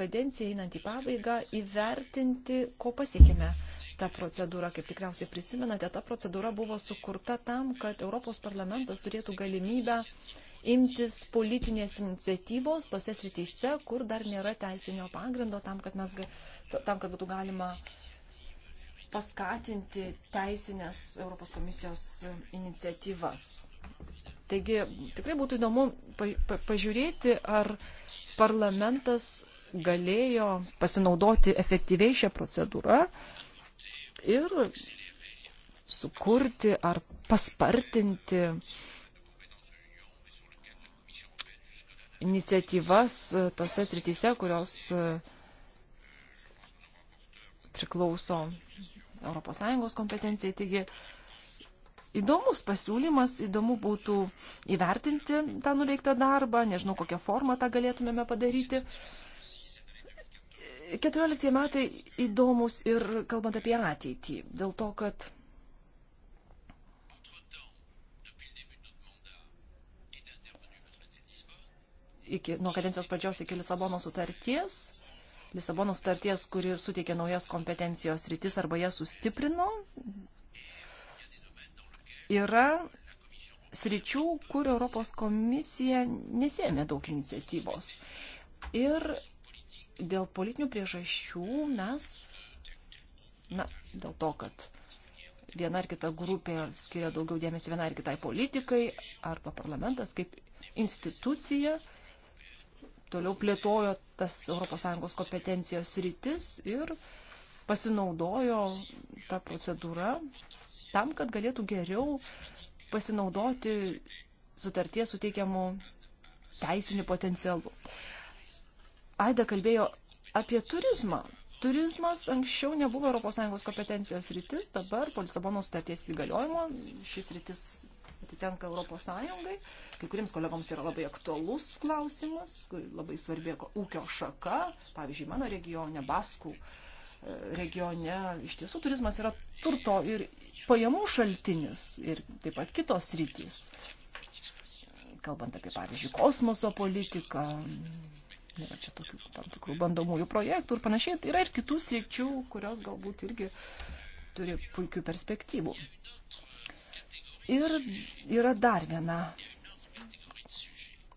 kadenciją einant į pabaigą įvertinti, ko pasiekime tą procedūrą. Kaip tikriausiai prisimenate, ta procedūra buvo sukurta tam, kad Europos parlamentas turėtų galimybę uh, imtis politinės iniciatyvos tose srityse, kur dar nėra teisinio pagrindo tam, kad, mes, tam, kad būtų galima paskatinti teisinės Europos komisijos iniciatyvas. Taigi tikrai būtų įdomu pažiūrėti, ar parlamentas galėjo pasinaudoti efektyviai šią procedūrą ir sukurti ar paspartinti uh, iniciatyvas e, tose srityse, kurios e, priklauso ES kompetencijai. Taigi įdomus pasiūlymas, įdomu būtų įvertinti tą nuveiktą darbą, nežinau, kokią formą tą galėtumėme padaryti. 14 metai įdomus ir kalbant apie ateitį, dėl to, kad iki, nuo kadencijos pradžios iki Lisabono sutarties. Lisabono sutarties, kuri suteikė naujas kompetencijos rytis arba jas sustiprino, yra sričių, kur Europos komisija nesėmė daug iniciatyvos. Ir dėl politinių priežasčių mes, na, dėl to, kad viena ar kita grupė skiria daugiau dėmesio viena ar kitai politikai arba parlamentas kaip institucija toliau plėtojo tas ES kompetencijos rytis ir pasinaudojo tą procedūrą tam, kad galėtų geriau pasinaudoti sutarties suteikiamų teisinių potencialų. Aida kalbėjo apie turizmą. Turizmas anksčiau nebuvo ES kompetencijos rytis, dabar po Lisabono sutarties įgaliojimo šis rytis atitenka Europos Sąjungai. Kai kuriems kolegoms tai yra labai aktualus klausimas, labai svarbi ūkio šaka. Pavyzdžiui, mano regione, Baskų e, regione, iš tiesų turizmas yra turto ir pajamų šaltinis ir taip pat kitos rytis. Kalbant apie, pavyzdžiui, kosmoso politiką, yra čia tokių tam tikrų bandomųjų projektų ir panašiai. Tai yra ir kitų sričių, kurios galbūt irgi turi puikių perspektyvų. Ir yra dar viena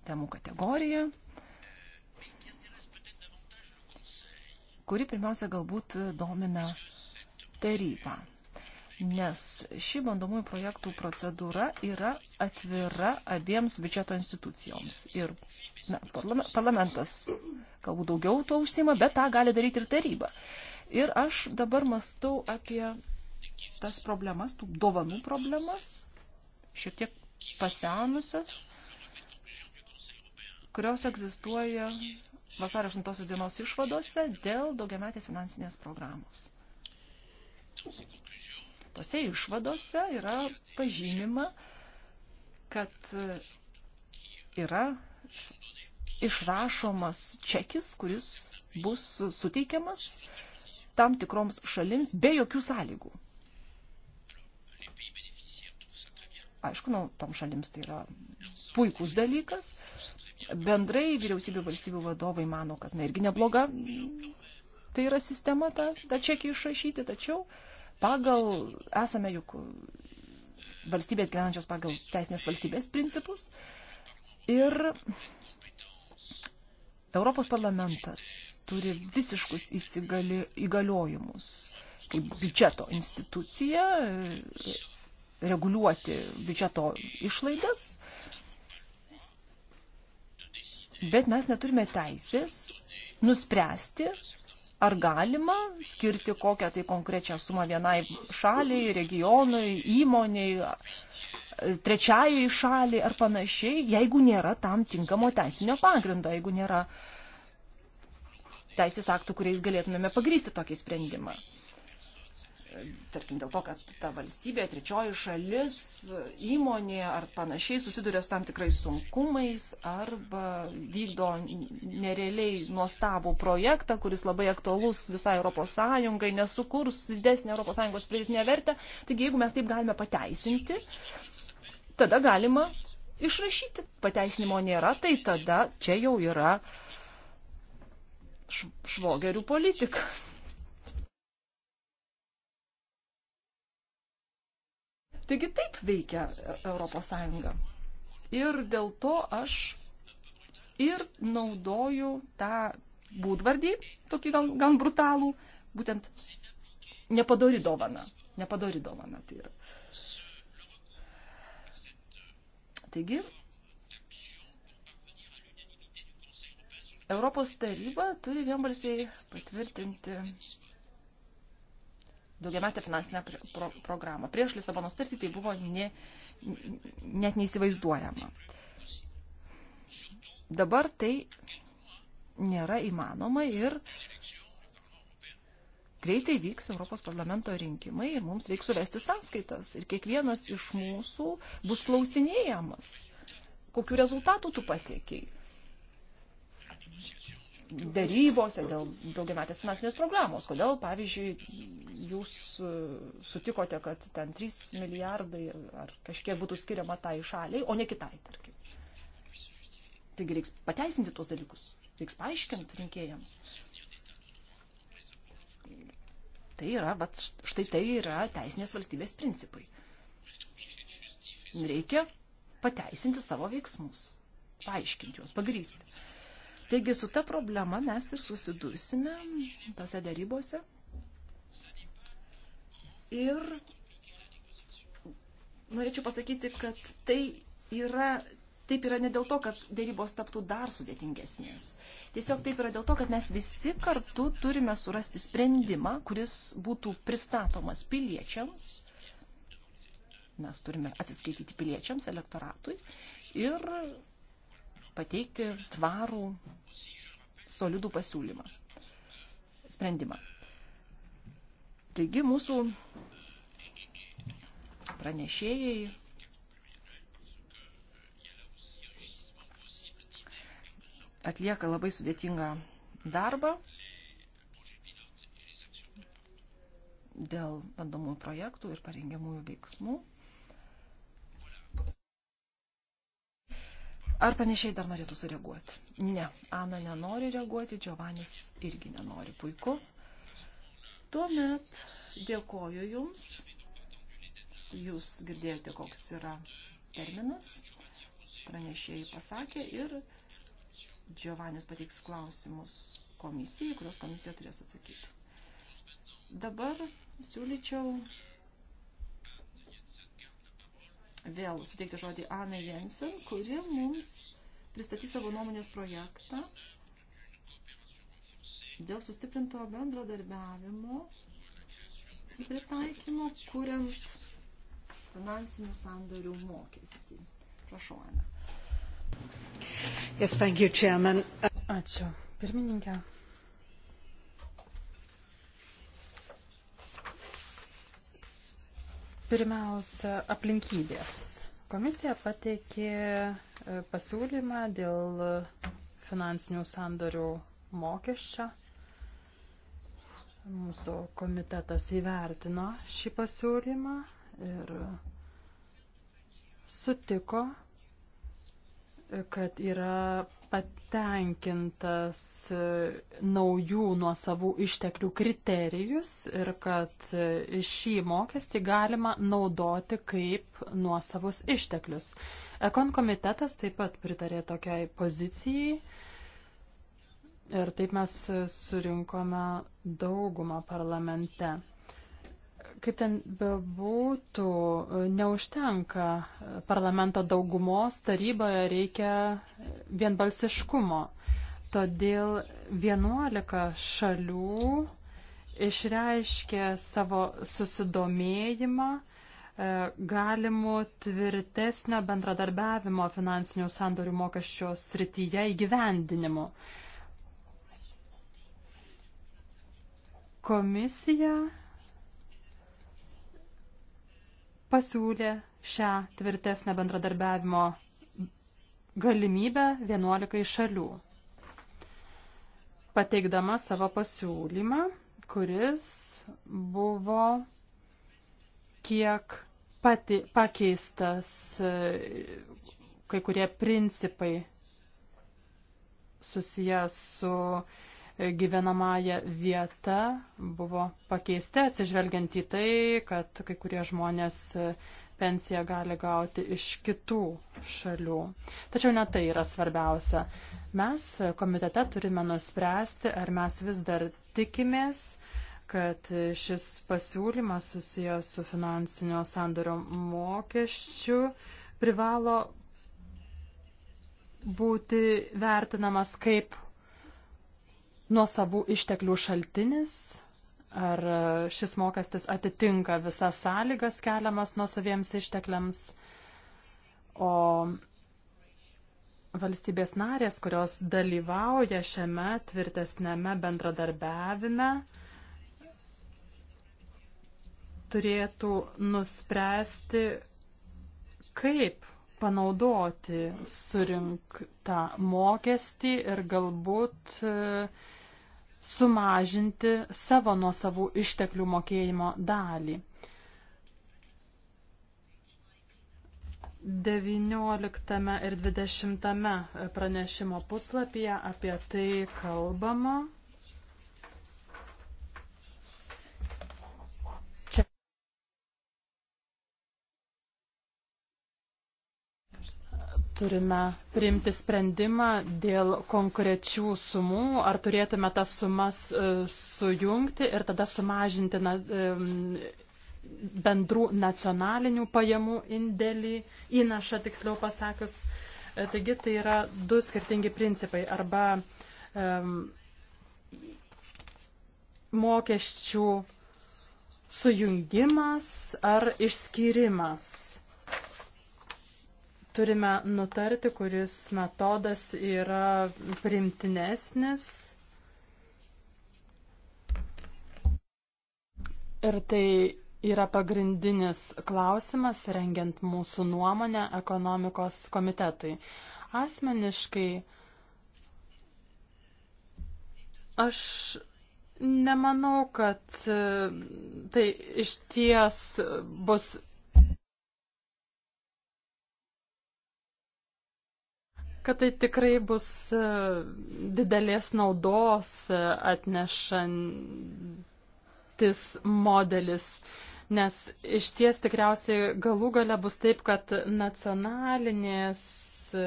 temų kategorija, kuri pirmiausia galbūt domina tarybą. Nes ši bandomųjų projektų procedūra yra atvira abiems biudžeto institucijoms. Ir na, parlamentas galbūt daugiau to užsima, bet tą gali daryti ir taryba. Ir aš dabar mastau apie tas problemas, tų dovanų problemas, šiek tiek pasenusias, kurios egzistuoja vasario 8 dienos išvadose dėl daugiametės finansinės programos. Tose išvadose yra pažymima, kad yra išrašomas čekis, kuris bus suteikiamas tam tikroms šalims be jokių sąlygų. aišku, nu, tom šalims tai yra puikus dalykas. Bendrai vyriausybių valstybių vadovai mano, kad na irgi nebloga tai yra sistema ta, ta čekį išrašyti, tačiau pagal esame juk valstybės gyvenančios pagal teisinės valstybės principus ir Europos parlamentas turi visiškus įsigali, įgaliojimus kaip biudžeto institucija reguliuoti biudžeto išlaidas, bet mes neturime teisės nuspręsti, ar galima skirti kokią tai konkrečią sumą vienai šaliai, regionui, įmoniai, trečiajai šaliai ar panašiai, jeigu nėra tam tinkamo teisinio pagrindo, jeigu nėra teisės aktų, kuriais galėtumėme pagrysti tokį sprendimą tarkim dėl to, kad ta valstybė, trečioji šalis, įmonė ar panašiai susiduria su tam tikrais sunkumais arba vykdo nerealiai nuostabų projektą, kuris labai aktualus visai ES, nesukurs didesnį ES pridėtinę vertę. Taigi, jeigu mes taip galime pateisinti, tada galima išrašyti. Pateisinimo nėra, tai tada čia jau yra švogerių politika Taigi taip veikia ES. Ir dėl to aš ir naudoju tą būdvardį, tokį gan, gan brutalų, būtent nepadori dovana. Nepadori dovana tai yra. Taigi, Europos taryba turi vienbalsiai patvirtinti daugiametę finansinę pro programą. Prieš Lisabono sutartį tai buvo ne, net neįsivaizduojama. Dabar tai nėra įmanoma ir greitai vyks Europos parlamento rinkimai ir mums reiks suvesti sąskaitas. Ir kiekvienas iš mūsų bus klausinėjamas, kokiu rezultatu tu pasiekiai darybose dėl daugiametės finansinės programos. Kodėl, pavyzdžiui, jūs e, sutikote, kad ten 3 milijardai ar kažkiek būtų skiriama tai šaliai, o ne kitai, tarkim. Taigi reiks pateisinti tuos dalykus, reiks paaiškinti rinkėjams. Tai yra, bet štai tai yra teisinės valstybės principai. Reikia pateisinti savo veiksmus, paaiškinti juos, pagrysti. Taigi su ta problema mes ir susidursime tose darybose. Ir norėčiau pasakyti, kad tai yra taip yra ne dėl to, kad dėrybos taptų dar sudėtingesnės. Tiesiog taip yra dėl to, kad mes visi kartu turime surasti sprendimą, kuris būtų pristatomas piliečiams. Mes turime atsiskaityti piliečiams, elektoratui. Ir pateikti tvarų, solidų pasiūlymą, sprendimą. Taigi mūsų pranešėjai atlieka labai sudėtingą darbą dėl bandomųjų projektų ir parengiamųjų veiksmų. Ar panešiai dar norėtų sureaguoti? Ne, Ana nenori reaguoti, Giovanis irgi nenori. Puiku. Tuomet dėkoju Jums. Jūs girdėjote, koks yra terminas. Pranešėjai pasakė ir Giovanis pateiks klausimus komisijai, kurios komisija turės atsakyti. Dabar siūlyčiau vėl suteikti žodį Ana Jensen, kuri mums pristatys savo nuomonės projektą dėl sustiprinto bendradarbiavimo pritaikymo, kuriant finansinių sandorių mokestį. Prašau, Ana. Yes, thank you, Chairman. Ačiū. Pirmininkė. Pirmiausia, aplinkybės. Komisija pateikė e, pasiūlymą dėl finansinių sandorių mokesčio. Mūsų komitetas įvertino šį pasiūlymą ir sutiko, e, kad yra patenkintas e, naujų nuosavų išteklių kriterijus ir kad e, šį mokestį galima naudoti kaip nuosavus išteklius. Ekon komitetas taip pat pritarė tokiai pozicijai ir taip mes surinkome daugumą parlamente. Kaip ten bebūtų, neužtenka parlamento daugumos, taryboje reikia vienbalsiškumo. Todėl 11 šalių išreiškė savo susidomėjimą e, galimų tvirtesnio bendradarbiavimo finansinių sandorių mokesčio srityje įgyvendinimu. Komisija pasiūlė šią tvirtesnę bendradarbiavimo galimybę 11 šalių, pateikdama savo pasiūlymą, kuris buvo kiek pati, pakeistas e, kai kurie principai susijęs su uh, gyvenamąją vietą buvo pakeista atsižvelgiant į tai, kad kai kurie žmonės e, pensiją gali gauti iš kitų šalių. Tačiau ne tai yra svarbiausia. Mes komitete turime nuspręsti, ar mes vis dar tikimės, kad šis pasiūlymas susijęs su finansinio sandario mokesčiu privalo būti vertinamas kaip nuo savų išteklių šaltinis, ar šis mokestis atitinka visas sąlygas keliamas nuo saviems ištekliams, o valstybės narės, kurios dalyvauja šiame tvirtesnėme bendradarbiavime, turėtų nuspręsti, kaip panaudoti surinktą mokestį ir galbūt uh, sumažinti savo nuosavų išteklių mokėjimo dalį. 19 ir 20 pranešimo puslapyje apie tai kalbama. turime priimti sprendimą dėl konkrečių sumų, ar turėtume tas sumas e, sujungti ir tada sumažinti na, e, bendrų nacionalinių pajamų indėlį, įnašą tiksliau pasakius. E, taigi tai yra du skirtingi principai arba um, mokesčių sujungimas ar išskyrimas turime nutarti, kuris metodas yra primtinesnis. Ir tai yra pagrindinis klausimas, rengiant mūsų nuomonę ekonomikos komitetui. Asmeniškai aš nemanau, kad e, tai iš ties bus kad tai tikrai bus e, didelės naudos e, atnešantis modelis, nes iš ties tikriausiai galų gale bus taip, kad nacionalinės e,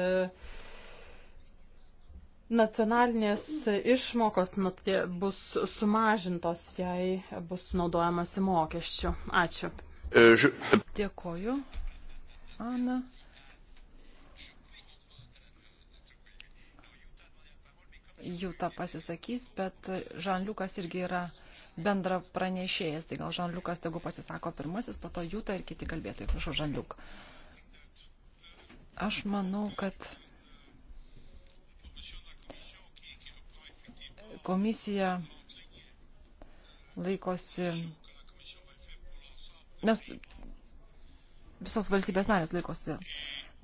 Nacionalinės išmokos nu, bus sumažintos, jei bus naudojamasi mokesčių. Ačiū. Dėkoju, Ana. Jūta pasisakys, bet Žanliukas irgi yra bendra pranešėjas, tai gal Žanliukas tegu pasisako pirmasis, po to Jūta ir kiti kalbėtojai. Prašau, Žanliuk. Aš manau, kad komisija laikosi. Mes visos valstybės narės laikosi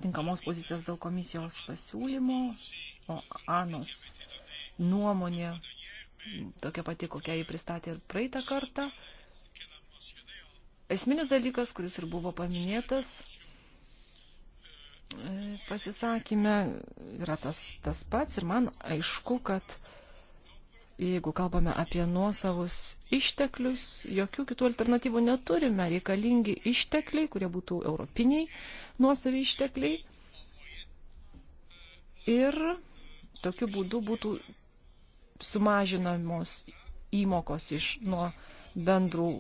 tinkamos pozicijos dėl komisijos pasiūlymo, o Anos nuomonė, tokia pati, kokią jį pristatė ir praeitą kartą. Esminis dalykas, kuris ir buvo paminėtas e, pasisakymė, yra tas, tas pats ir man aišku, kad jeigu kalbame apie nuosavus išteklius, jokių kitų alternatyvų neturime. Reikalingi ištekliai, kurie būtų europiniai nuosavi ištekliai. Ir tokiu būdu būtų sumažinamos įmokos iš nuo bendrų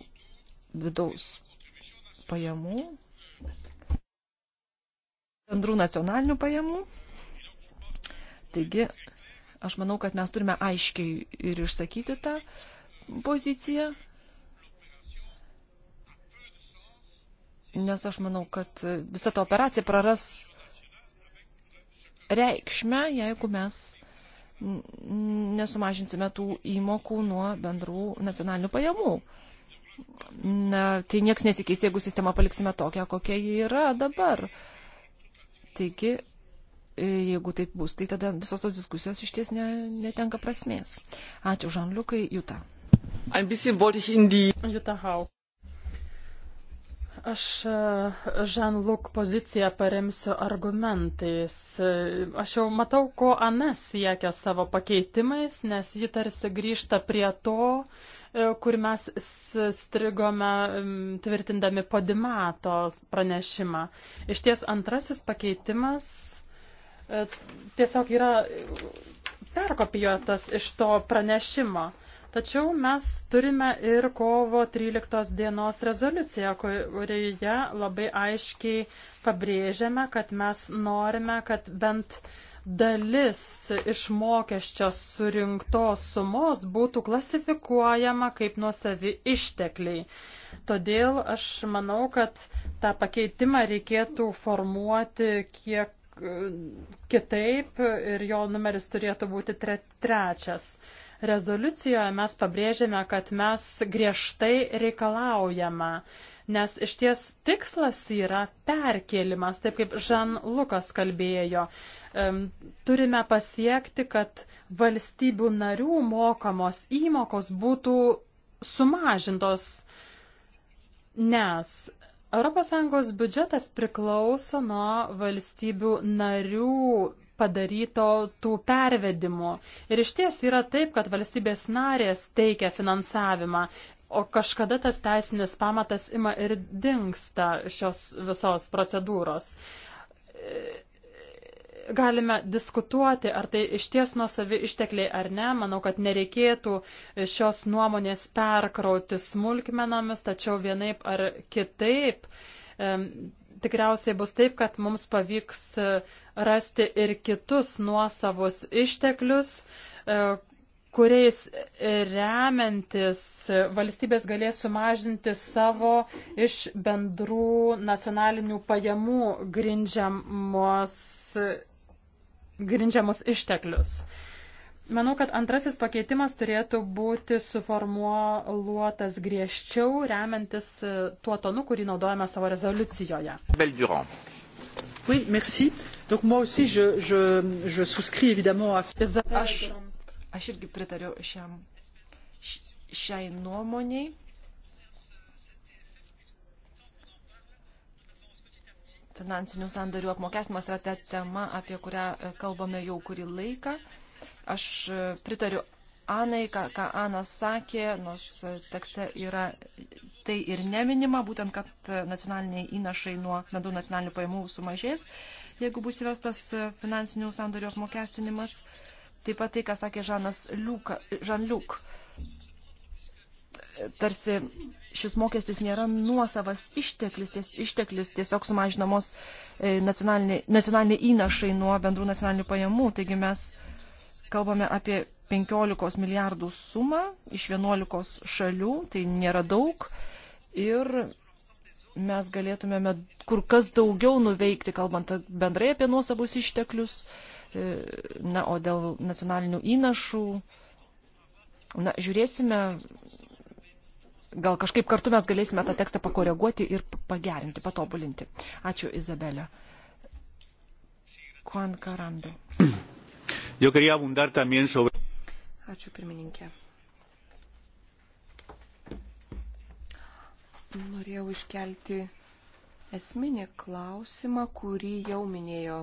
vidaus pajamų, bendrų nacionalinių pajamų. Taigi, aš manau, kad mes turime aiškiai ir išsakyti tą poziciją, nes aš manau, kad visa ta operacija praras reikšmę, jeigu mes nesumažinsime tų įmokų nuo bendrų nacionalinių pajamų. Na, tai nieks nesikeis, jeigu sistemą paliksime tokią, kokia ji yra dabar. Taigi, jeigu taip bus, tai tada visos tos diskusijos iš ties ne, netenka prasmės. Ačiū, Žanliukai, Juta. Juta Hau. Aš Žanluk e, poziciją paremsiu argumentais. E, aš jau matau, ko Ana siekia savo pakeitimais, nes ji tarsi grįžta prie to, e, kur mes strigome tvirtindami podimato pranešimą. Iš ties antrasis pakeitimas tiesiog yra perkopijuotas iš to pranešimo. Tačiau mes turime ir kovo 13 dienos rezoliuciją, kurioje labai aiškiai pabrėžiame, kad mes norime, kad bent dalis iš mokesčio surinktos sumos būtų klasifikuojama kaip nuosavi ištekliai. Todėl aš manau, kad tą pakeitimą reikėtų formuoti kiek kitaip ir jo numeris turėtų būti tre, trečias. Rezoliucijoje mes pabrėžėme, kad mes griežtai reikalaujame, nes iš ties tikslas yra perkėlimas, taip kaip Žan Lukas kalbėjo. Turime pasiekti, kad valstybių narių mokamos įmokos būtų sumažintos, nes ES biudžetas priklauso nuo valstybių narių padaryto tų pervedimų. Ir iš ties yra taip, kad valstybės narės teikia finansavimą, o kažkada tas teisinis pamatas ima ir dinksta šios visos procedūros. Galime diskutuoti, ar tai iš ties nuosavi ištekliai ar ne. Manau, kad nereikėtų šios nuomonės perkrauti smulkmenomis, tačiau vienaip ar kitaip tikriausiai bus taip, kad mums pavyks rasti ir kitus nuosavus išteklius, e, kuriais remiantis valstybės galės sumažinti savo iš bendrų nacionalinių pajamų grindžiamos, grindžiamus išteklius. Manau, kad antrasis pakeitimas turėtų būti suformuoluotas griežčiau, remiantis tuo tonu, kurį naudojame savo rezoliucijoje. Beldurant. Oui, merci. Donc moi aussi, je, je, je souscris évidemment à ça. Aš, aš irgi pritariu šiam, šiai nuomoniai. Finansinių sandarių apmokestimas yra ta tema, apie kurią e, kalbame jau kurį laiką. Aš e, pritariu Anai, ką, ką Ana sakė, nors e, tekste yra tai ir neminima, būtent, kad nacionaliniai įnašai nuo bendrų nacionalinių pajamų sumažės, jeigu bus įvestas finansinių sandorių apmokestinimas. Taip pat tai, ką sakė Žanas Liuk, Žan Liuk, tarsi šis mokestis nėra nuosavas išteklis, ties, išteklis tiesiog sumažinamos e, nacionaliniai, nacionaliniai įnašai nuo bendrų nacionalinių pajamų. Taigi mes kalbame apie 15 milijardų sumą iš 11 šalių, tai nėra daug. Ir mes galėtumėme kur kas daugiau nuveikti, kalbant bendrai apie nuosavus išteklius, e, na, o dėl nacionalinių įnašų, na, žiūrėsime, gal kažkaip kartu mes galėsime tą tekstą pakoreguoti ir pagerinti, patobulinti. Ačiū, Izabelė. Juan Carambe. Yo quería abundar también sobre Ačiū pirmininkė. Norėjau iškelti esminį klausimą, kurį jau minėjo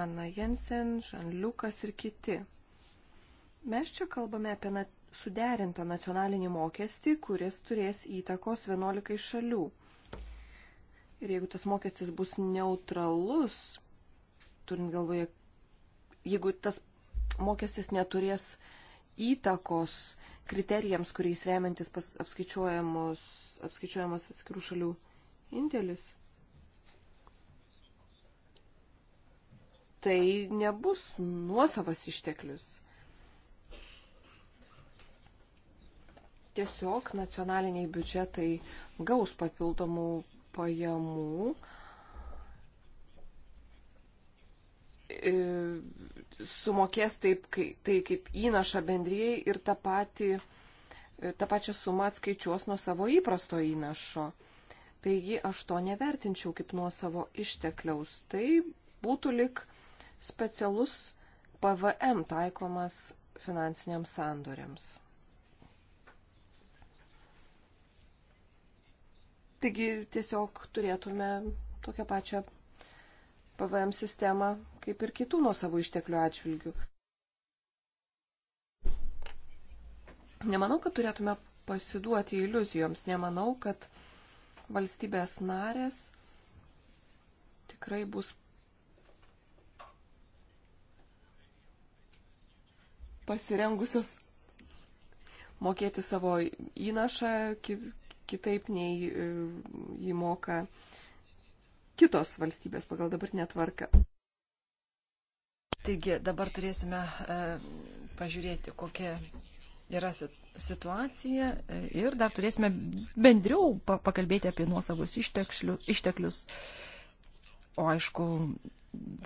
Anna Jensen, Žanliukas ir kiti. Mes čia kalbame apie na suderintą nacionalinį mokestį, kuris turės įtakos 11 šalių. Ir jeigu tas mokestis bus neutralus, turint galvoje, jeigu tas mokestis neturės įtakos kriterijams, kuriais remiantis apskaičiuojamas atskirų šalių indėlis, tai nebus nuosavas išteklius. tiesiog nacionaliniai biudžetai gaus papildomų pajamų e, sumokės taip, kai, tai kaip įnaša bendrijai ir tą, patį, tą pačią sumą atskaičiuos nuo savo įprasto įnašo. Taigi aš to nevertinčiau kaip nuo savo ištekliaus. Tai būtų lik specialus PVM taikomas finansiniams sandoriams. Taigi tiesiog turėtume tokią pačią PVM sistemą kaip ir kitų nuo savo išteklių atžvilgių. Nemanau, kad turėtume pasiduoti iliuzijoms. Nemanau, kad valstybės narės tikrai bus pasirengusios mokėti savo įnašą kitaip nei e, įmoka kitos valstybės pagal dabartinę tvarką. Taigi dabar turėsime e, pažiūrėti, kokia yra situacija e, ir dar turėsime bendriau pakalbėti apie nuosavus išteklius. O aišku,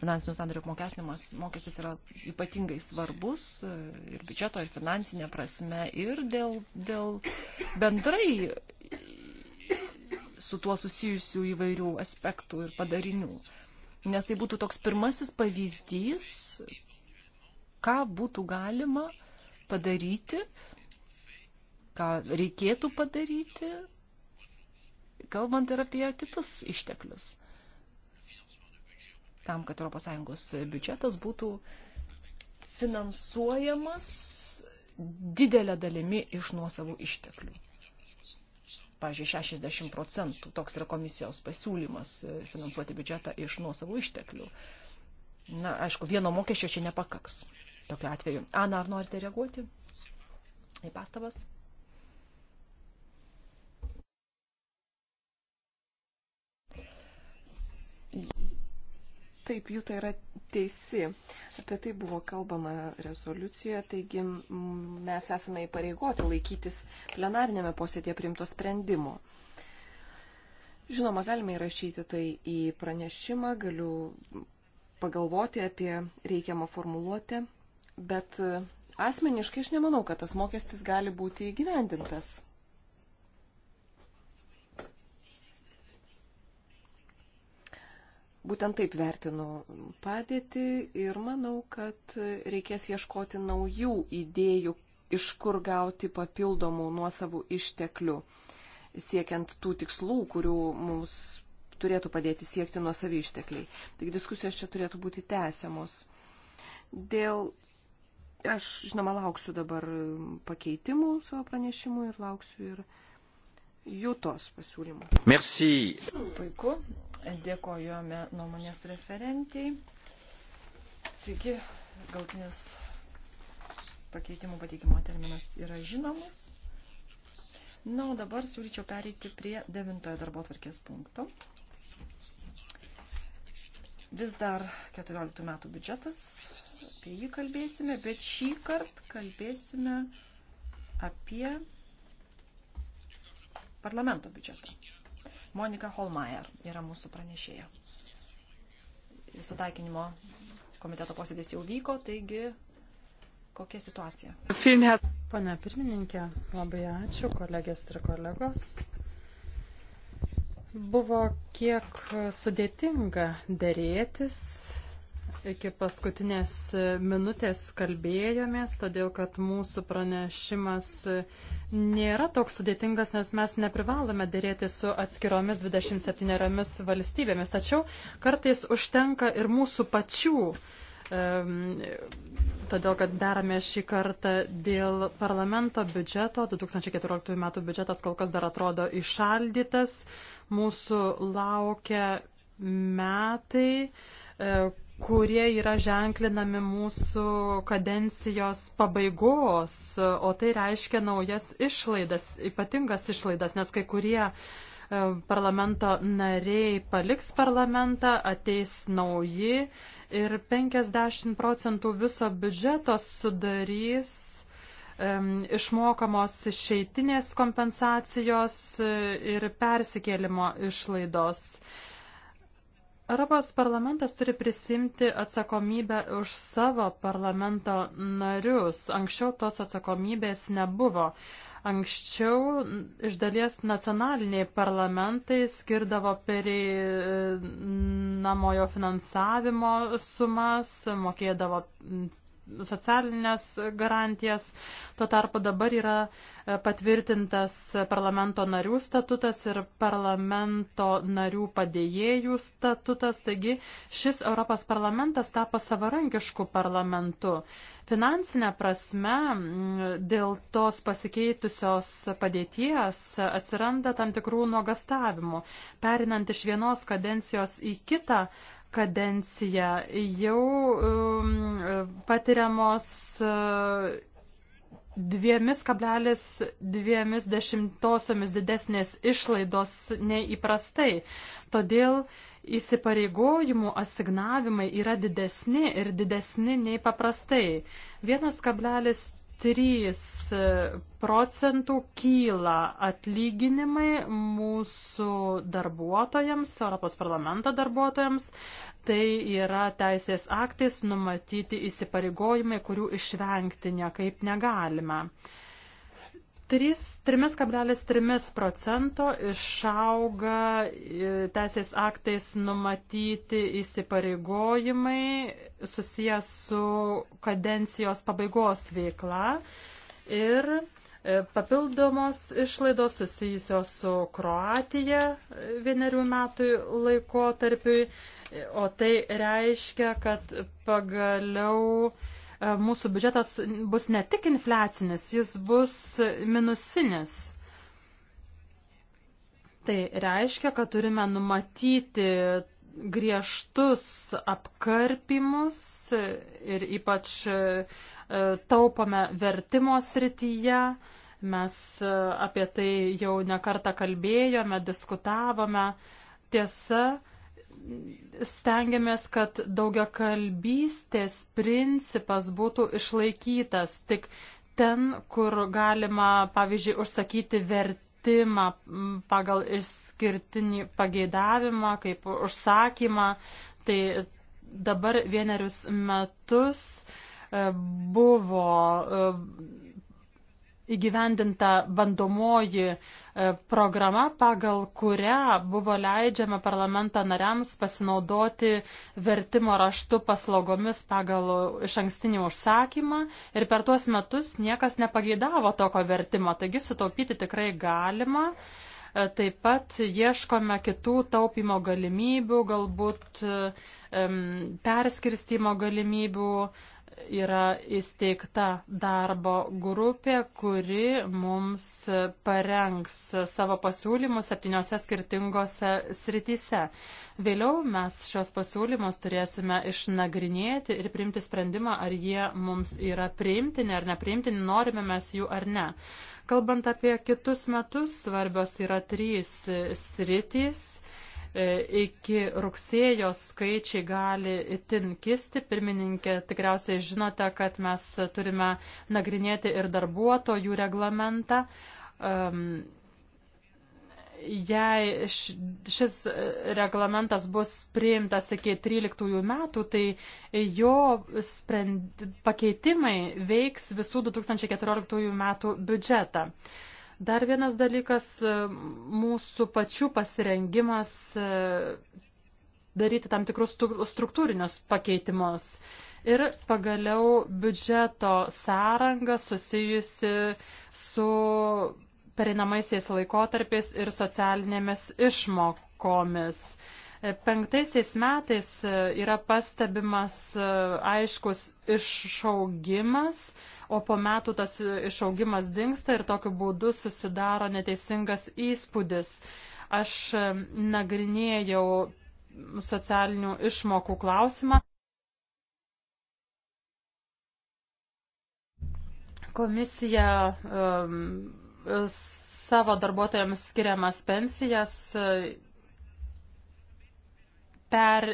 finansinių sandarių apmokestinimas mokestis yra ypatingai svarbus e, ir biudžeto, ir finansinė prasme, ir dėl, dėl bendrai su tuo susijusių įvairių aspektų ir padarinių nes tai būtų toks pirmasis pavyzdys, ką būtų galima padaryti, ką reikėtų padaryti, kalbant ir apie kitus išteklius. Tam, kad ES biudžetas būtų finansuojamas didelę dalimi iš nuosavų išteklių pažiūrėjau, 60 procentų. Toks yra komisijos pasiūlymas e, finansuoti biudžetą iš nuosavų išteklių. Na, aišku, vieno mokesčio čia nepakaks. Tokiu atveju. Ana, ar norite reaguoti į pastabas? Taip, jų tai yra teisi. Apie tai buvo kalbama rezoliucijoje, taigi mes esame įpareigoti laikytis plenarnėme posėdėje primto sprendimo. Žinoma, galime įrašyti tai į pranešimą, galiu pagalvoti apie reikiamą formuluotę, bet asmeniškai aš nemanau, kad tas mokestis gali būti įgyvendintas. Būtent taip vertinu padėtį ir manau, kad reikės ieškoti naujų idėjų, iš kur gauti papildomų nuosavų išteklių, siekiant tų tikslų, kurių mums turėtų padėti siekti nuosavi ištekliai. Taigi diskusijos čia turėtų būti tęsiamos. Dėl, aš žinoma, lauksiu dabar pakeitimų savo pranešimų ir lauksiu ir jūtos pasiūlymų. Merci. Puiku. Dėkojame nuomonės referentiai. Taigi, gautinis pakeitimų pateikimo terminas yra žinomas. Na, o dabar siūlyčiau pereiti prie devintojo darbo tvarkės punkto. Vis dar 14 metų biudžetas, apie jį kalbėsime, bet šį kartą kalbėsime apie parlamento biudžetą. Monika Holmeier yra mūsų pranešėja. Sutaikinimo komiteto posėdės jau vyko, taigi kokia situacija? Pane pirmininkė, labai ačiū kolegės ir kolegos. Buvo kiek sudėtinga dėrėtis iki paskutinės minutės kalbėjomės, todėl kad mūsų pranešimas nėra toks sudėtingas, nes mes neprivalome dėrėti su atskiromis 27 valstybėmis. Tačiau kartais užtenka ir mūsų pačių, todėl kad darome šį kartą dėl parlamento biudžeto. 2014 m. biudžetas kol kas dar atrodo išaldytas. Mūsų laukia metai e, kurie yra ženklinami mūsų kadencijos pabaigos, o tai reiškia naujas išlaidas, ypatingas išlaidas, nes kai kurie e, parlamento nariai paliks parlamentą, ateis nauji ir 50 procentų viso biudžeto sudarys išmokamos išeitinės kompensacijos e, ir persikėlimo išlaidos. Europos parlamentas turi prisimti atsakomybę už savo parlamento narius. Anksčiau tos atsakomybės nebuvo. Anksčiau iš dalies nacionaliniai parlamentai skirdavo pereinamojo finansavimo sumas, mokėdavo socialinės garantijas. Tuo tarpu dabar yra e, patvirtintas parlamento narių statutas ir parlamento narių padėjėjų statutas. Taigi šis Europos parlamentas tapo savarankišku parlamentu. Finansinė prasme dėl tos pasikeitusios padėties atsiranda tam tikrų nuogastavimų. Perinant iš vienos kadencijos į kitą, kadenciją jau um, patiriamos uh, dviemis kablelis dviemis dešimtosiomis didesnės išlaidos nei įprastai. Todėl įsipareigojimų asignavimai yra didesni ir didesni nei paprastai. 1,3 3 e, procentų kyla atlyginimai mūsų darbuotojams, Europos parlamento darbuotojams. Tai yra teisės aktais numatyti įsipareigojimai, kurių išvengti niekaip negalime. 3,3 procento išauga e, teisės aktais numatyti įsipareigojimai susijęs su kadencijos pabaigos veikla ir e, papildomos išlaidos susijusios su Kroatija e, vienerių metų laikotarpiui, o tai reiškia, kad pagaliau E, mūsų biudžetas bus ne tik infliacinis, jis bus minusinis. Tai reiškia, kad turime numatyti griežtus apkarpimus ir ypač e, taupome vertimo srityje. Mes e, apie tai jau nekartą kalbėjome, diskutavome. Tiesa, stengiamės, kad daugiakalbystės principas būtų išlaikytas tik ten, kur galima, pavyzdžiui, užsakyti vertimą pagal išskirtinį pageidavimą, kaip užsakymą. Tai dabar vienerius metus e, buvo e, įgyvendinta bandomoji e, programa, pagal kurią buvo leidžiama parlamento nariams pasinaudoti vertimo raštu paslaugomis pagal iš ankstinį užsakymą ir per tuos metus niekas nepageidavo tokio vertimo, taigi sutaupyti tikrai galima. E, taip pat ieškome kitų taupimo galimybių, galbūt perskirstimo galimybių, yra įsteigta darbo grupė, kuri mums parengs savo pasiūlymus septyniose skirtingose srityse. Vėliau mes šios pasiūlymus turėsime išnagrinėti ir priimti sprendimą, ar jie mums yra priimtini ar nepriimtini, norime mes jų ar ne. Kalbant apie kitus metus, svarbios yra trys sritys E, iki rugsėjo skaičiai gali itin kisti. Pirmininkė, tikriausiai žinote, kad mes turime nagrinėti ir darbuotojų reglamentą. Jei šis reglamentas bus priimtas iki 13 metų, tai jo sprend... pakeitimai veiks visų 2014 metų biudžetą. Dar vienas dalykas e, - mūsų pačių pasirengimas e, daryti tam tikrus struktūrinius pakeitimus. Ir pagaliau biudžeto sąranga susijusi su pereinamaisiais laikotarpiais ir socialinėmis išmokomis. E, penktaisiais metais yra pastebimas aiškus išaugimas, o po metų tas išaugimas dinksta ir tokiu būdu susidaro neteisingas įspūdis. Aš nagrinėjau socialinių išmokų klausimą. Komisija um, savo darbuotojams skiriamas pensijas e, per,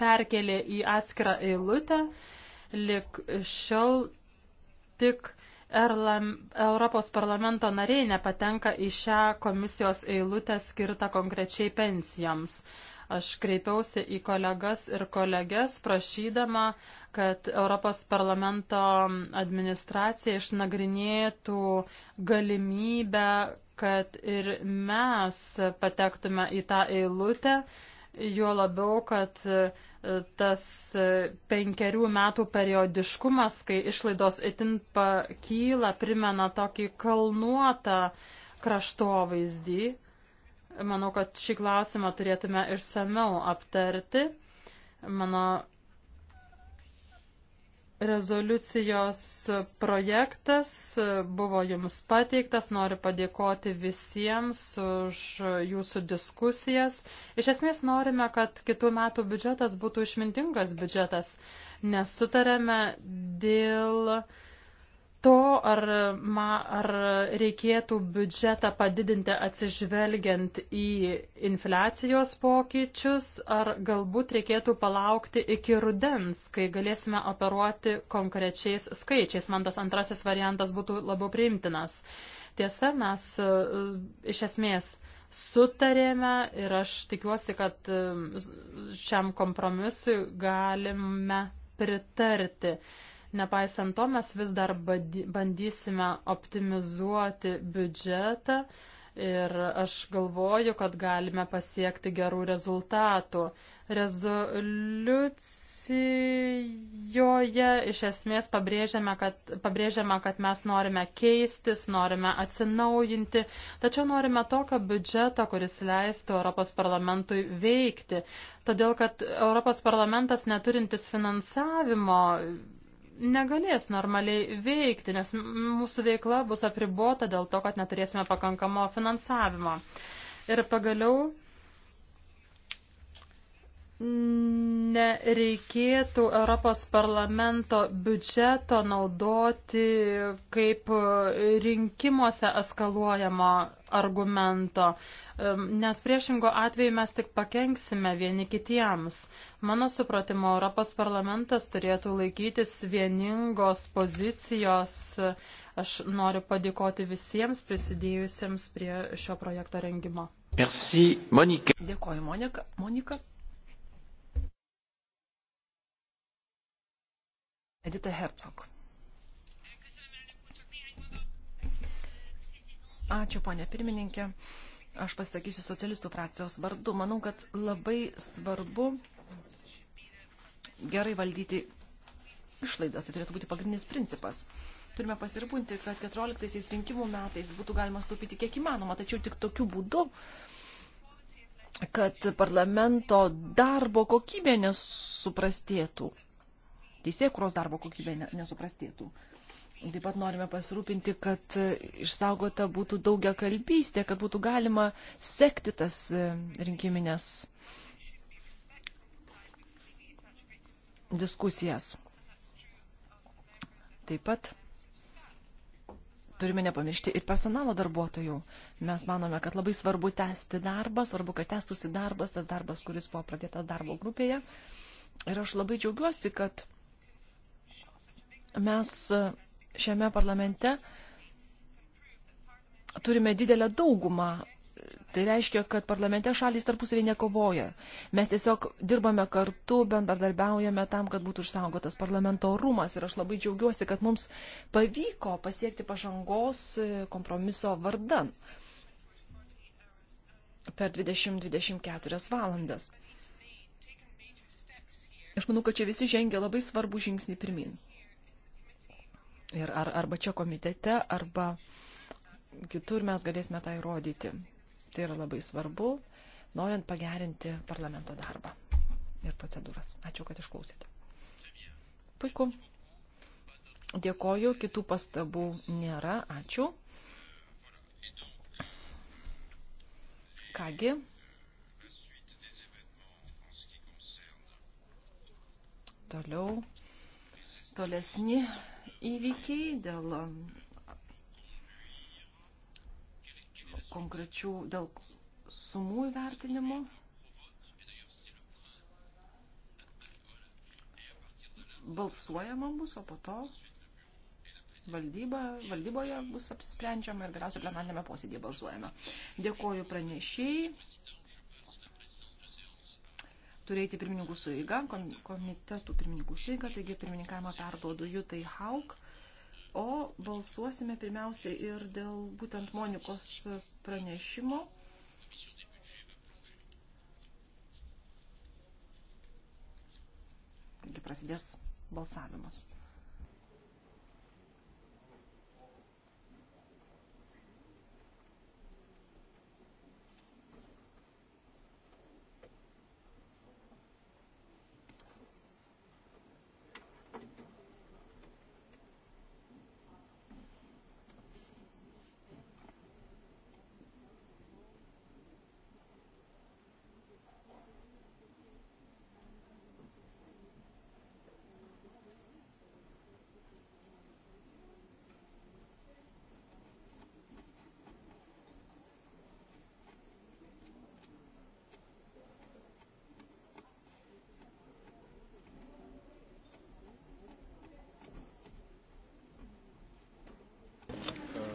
perkelė į atskirą eilutę. Lik šiol tik Erlam, Europos parlamento nariai nepatenka į šią komisijos eilutę skirtą konkrečiai pensijoms. Aš kreipiausi į kolegas ir kolegės prašydama, kad Europos parlamento administracija išnagrinėtų galimybę, kad ir mes patektume į tą eilutę juo labiau, kad e, tas e, penkerių metų periodiškumas, kai išlaidos itin pakyla, primena tokį kalnuotą kraštovaizdį. Manau, kad šį klausimą turėtume išsameu aptarti. Mano rezoliucijos projektas buvo jums pateiktas. Noriu padėkoti visiems už jūsų diskusijas. Iš esmės norime, kad kitų metų biudžetas būtų išmintingas biudžetas. Nesutarėme dėl to, ar, ma, ar reikėtų biudžetą padidinti atsižvelgiant į infliacijos pokyčius, ar galbūt reikėtų palaukti iki rudens, kai galėsime operuoti konkrečiais skaičiais. Man tas antrasis variantas būtų labiau priimtinas. Tiesa, mes e, iš esmės sutarėme ir aš tikiuosi, kad e, šiam kompromisui galime pritarti. Nepaisant to, mes vis dar bandysime optimizuoti biudžetą ir aš galvoju, kad galime pasiekti gerų rezultatų. Rezoliucijoje iš esmės pabrėžiame kad, pabrėžiame, kad mes norime keistis, norime atsinaujinti, tačiau norime tokio biudžeto, kuris leistų Europos parlamentui veikti. Todėl, kad Europos parlamentas neturintis finansavimo negalės normaliai veikti, nes mūsų veikla bus apribota dėl to, kad neturėsime pakankamo finansavimo. Ir pagaliau nereikėtų Europos parlamento biudžeto naudoti kaip rinkimuose eskaluojamo argumento, nes priešingo atveju mes tik pakenksime vieni kitiems. Mano supratimo, Europos parlamentas turėtų laikytis vieningos pozicijos. Aš noriu padėkoti visiems prisidėjusiems prie šio projekto rengimo. Merci, Monika. Dėkoju, Monika. Monika. Edita Hercog. Ačiū, ponė pirmininkė. Aš pasakysiu socialistų frakcijos vardu. Manau, kad labai svarbu gerai valdyti išlaidas. Tai turėtų būti pagrindinis principas. Turime pasirūpinti, kad 14 rinkimų metais būtų galima stupyti kiek įmanoma, tačiau tik tokiu būdu, kad parlamento darbo kokybė nesuprastėtų teisėkuros darbo kokybė nesuprastėtų. Taip pat norime pasirūpinti, kad išsaugota būtų daugia kalbystė, kad būtų galima sekti tas e, rinkiminės diskusijas. Taip pat turime nepamiršti ir personalo darbuotojų. Mes manome, kad labai svarbu tęsti darbą, svarbu, kad tęstųsi darbas, tas darbas, kuris buvo pradėtas darbo grupėje. Ir aš labai džiaugiuosi, kad Mes šiame parlamente turime didelę daugumą. Tai reiškia, kad parlamente šalys tarpusavį nekovoja. Mes tiesiog dirbame kartu, bendradarbiaujame tam, kad būtų išsaugotas parlamento rūmas. Ir aš labai džiaugiuosi, kad mums pavyko pasiekti pažangos kompromiso vardan per 20-24 valandas. Aš manau, kad čia visi žengia labai svarbų žingsnį pirmin. Ir ar, arba čia komitete, arba kitur mes galėsime tą įrodyti. Tai yra labai svarbu, norint pagerinti parlamento darbą ir procedūras. Ačiū, kad išklausėte. Puiku. Dėkoju, kitų pastabų nėra. Ačiū. Kągi. Toliau. Tolesni įvykiai, dėl konkrečių, dėl sumų įvertinimų. Balsuojama bus, o po to valdyba, valdyboje bus apsisprendžiama ir galiausiai plenarnėme posėdėje balsuojama. Dėkoju pranešėjai turėti pirmininkų suiga, komitetų pirmininkų suiga, taigi pirmininkavimą perduodu Jutai Hauk, o balsuosime pirmiausiai ir dėl būtent Monikos pranešimo. Taigi prasidės balsavimas.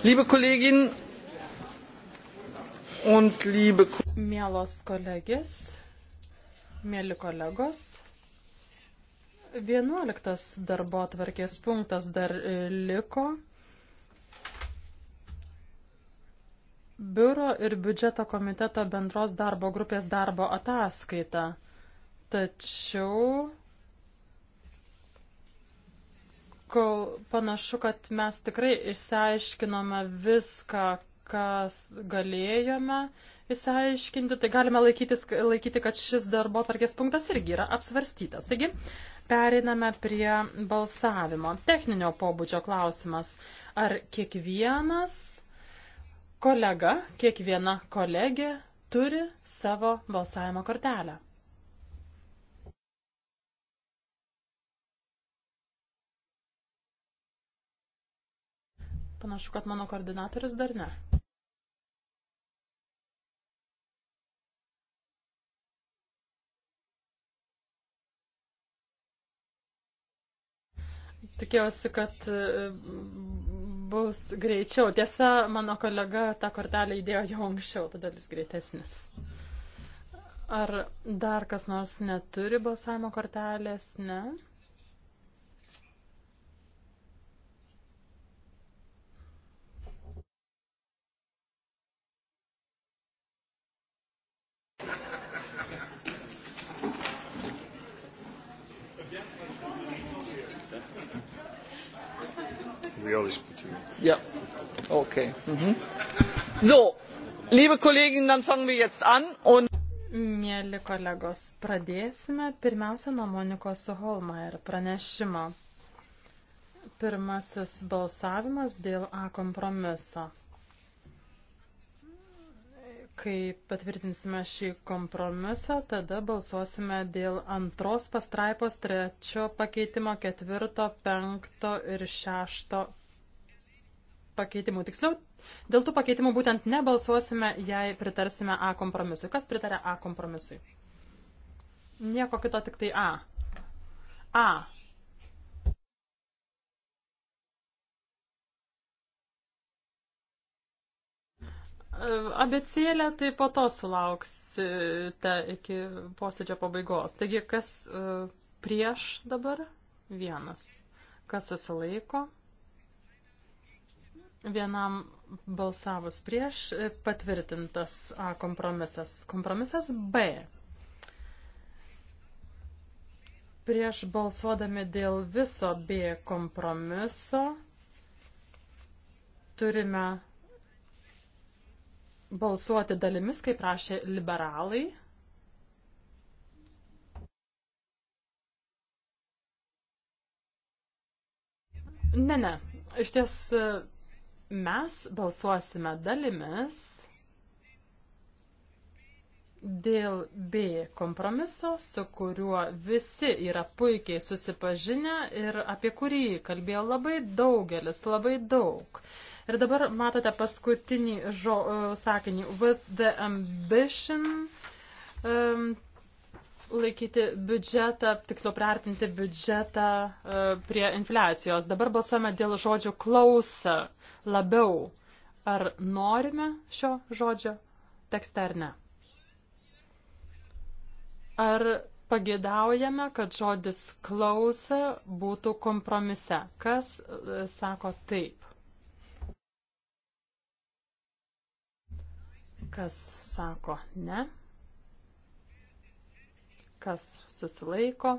Liebe Kolleginnen und liebe Mielos kolegės, mėly kolegos, 11 darbo atvarkės punktas dar e, liko. Biuro ir biudžeto komiteto bendros darbo grupės darbo ataskaita. Tačiau kol panašu, kad mes tikrai išsiaiškinome viską, kas galėjome įsiaiškinti, tai galime laikytis, laikyti, kad šis darbo tvarkės punktas irgi yra apsvarstytas. Taigi, pereiname prie balsavimo. Techninio pobūdžio klausimas. Ar kiekvienas kolega, kiekviena kolegė turi savo balsavimo kortelę? Panašu, kad mano koordinatorius dar ne. Tikėjausi, kad e, bus greičiau. Tiesa, mano kolega tą kortelę įdėjo jau anksčiau, todėl jis greitesnis. Ar dar kas nors neturi balsavimo kortelės? Ne. we always put you. Yeah. Okay. Mhm. So, liebe Kollegen, dann fangen wir jetzt an und Mėly kolegos, pradėsime pirmiausia nuo Monikos Holma ir pranešimo. Pirmasis balsavimas dėl A kompromiso. Kai patvirtinsime šį kompromisą, tada balsuosime dėl antros pastraipos, trečio pakeitimo, ketvirto, penkto ir šešto pakeitimų. Tiksliau, dėl tų pakeitimų būtent nebalsuosime, jei pritarsime A kompromisui. Kas pritarė A kompromisui? Nieko kito, tik tai A. A. abecėlę, tai po to sulauksite iki posėdžio pabaigos. Taigi, kas e, prieš dabar? Vienas. Kas susilaiko? Vienam balsavus prieš e, patvirtintas A kompromisas. Kompromisas B. Prieš balsuodami dėl viso B kompromiso turime balsuoti dalimis, kaip prašė liberalai. Ne, ne. Iš ties mes balsuosime dalimis dėl B kompromiso, su kuriuo visi yra puikiai susipažinę ir apie kurį kalbėjo labai daugelis, labai daug. Uh, Ir dabar matote paskutinį žo, e, sakinį. With the ambition um, laikyti biudžetą, tiksliau priartinti biudžetą uh, prie infliacijos. Dabar balsuojame dėl žodžių klausa labiau. Ar norime šio žodžio tekste ar ne? Ar pagėdaujame, kad žodis klausa būtų kompromise? Kas e, sako taip? Kas sako ne? Kas susilaiko?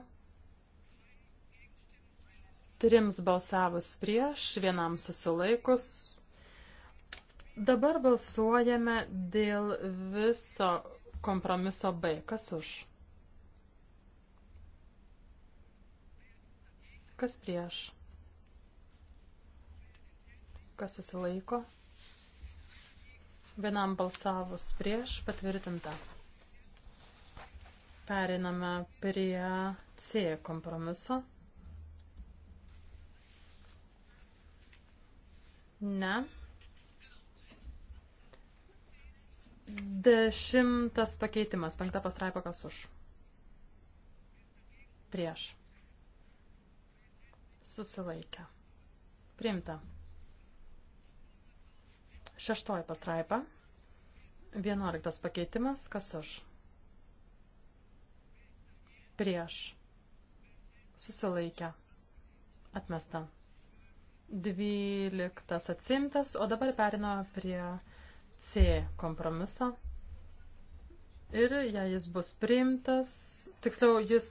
Trims balsavus prieš, vienam susilaikus. Dabar balsuojame dėl viso kompromiso B. Kas už? Kas prieš? Kas susilaiko? vienam balsavus prieš patvirtinta. Periname prie C kompromiso. Ne. Dešimtas pakeitimas, penkta pastraipa kas už. Prieš. Susilaikę. Priimta. Šeštoji pastraipa. Vienuoliktas pakeitimas. Kas už? Prieš. Susilaikę. Atmesta. Dvyliktas atsimtas, o dabar perino prie C kompromiso. Ir jei jis bus priimtas, tiksliau jis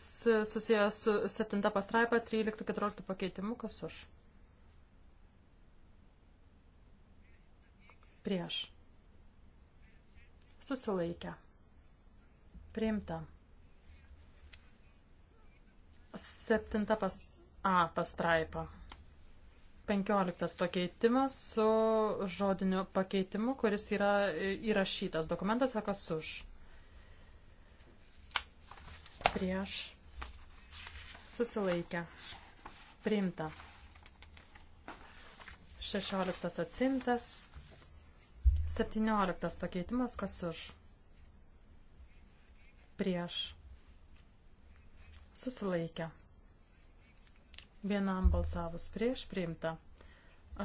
susijęs su 7 pastraipa 13-14 pakeitimu, kas už? prieš, susilaikę, priimta. Septinta pas, A pastraipa. Penkioliktas pakeitimas su žodiniu pakeitimu, kuris yra įrašytas dokumentas, sakas už. Prieš, susilaikę, priimta. 16 atsimtas, 17 pakeitimas, kas už? Prieš. Susilaikę. Vienam balsavus prieš priimta.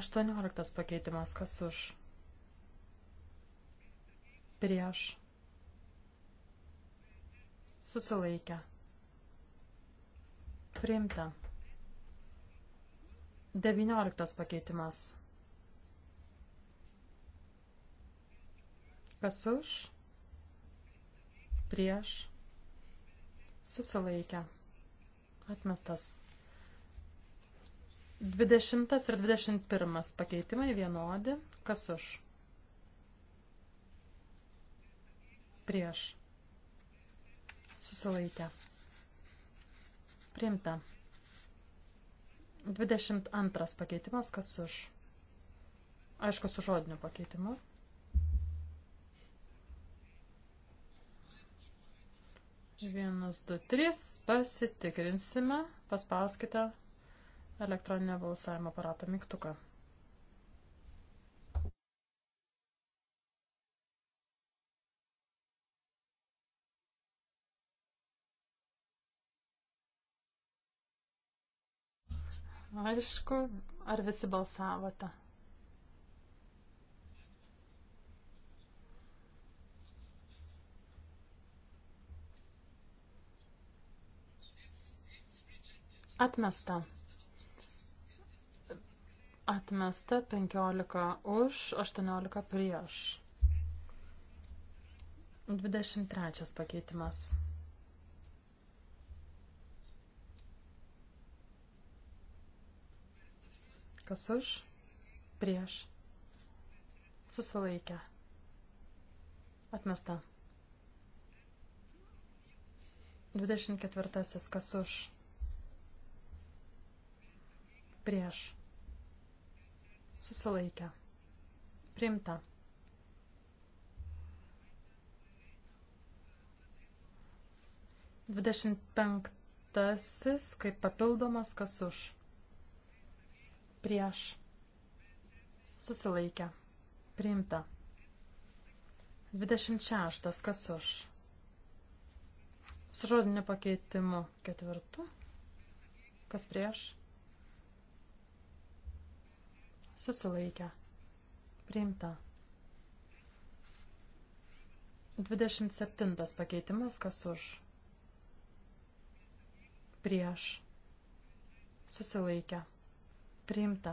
18 pakeitimas, kas už? Prieš. Susilaikę. Priimta. 19 pakeitimas. Kas už? Prieš? Susilaikę. Atmestas. 20 ir 21 pakeitimai vienodi. Kas už? Prieš. Susilaikę. Priimta. 22 pakeitimas. Kas už? Aišku, su žodiniu pakeitimu. Vienas, du, trys, pasitikrinsime, paspauskite elektroninio balsavimo aparato mygtuką. Aišku, ar visi balsavote? Atmesta. Atmesta 15 už, 18 prieš. 23 pakeitimas. Kas už? Prieš. Susilaikę. Atmesta. 24. Kas už? prieš, susilaikę, primta. Dvidešimt penktasis, kaip papildomas, kas už, prieš, susilaikę, primta. Dvidešimt šeštas, kas už, su žodiniu pakeitimu ketvirtu, kas prieš, susilaikę, priimta. 27 pakeitimas, kas už, prieš, susilaikę, priimta.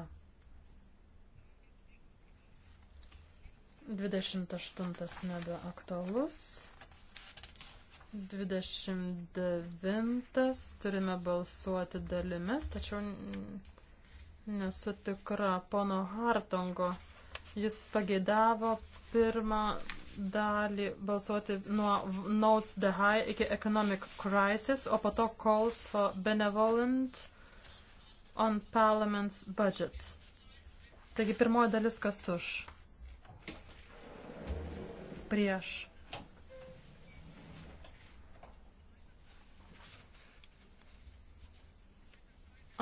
28 nebeaktualus. 29 turime balsuoti dalimis, tačiau Nesu tikra, pono Hartongo. Jis pageidavo pirmą dalį balsuoti nuo Notes the High iki Economic Crisis, o po to Calls for Benevolent on Parliament's Budget. Taigi pirmoji dalis kas už. Prieš.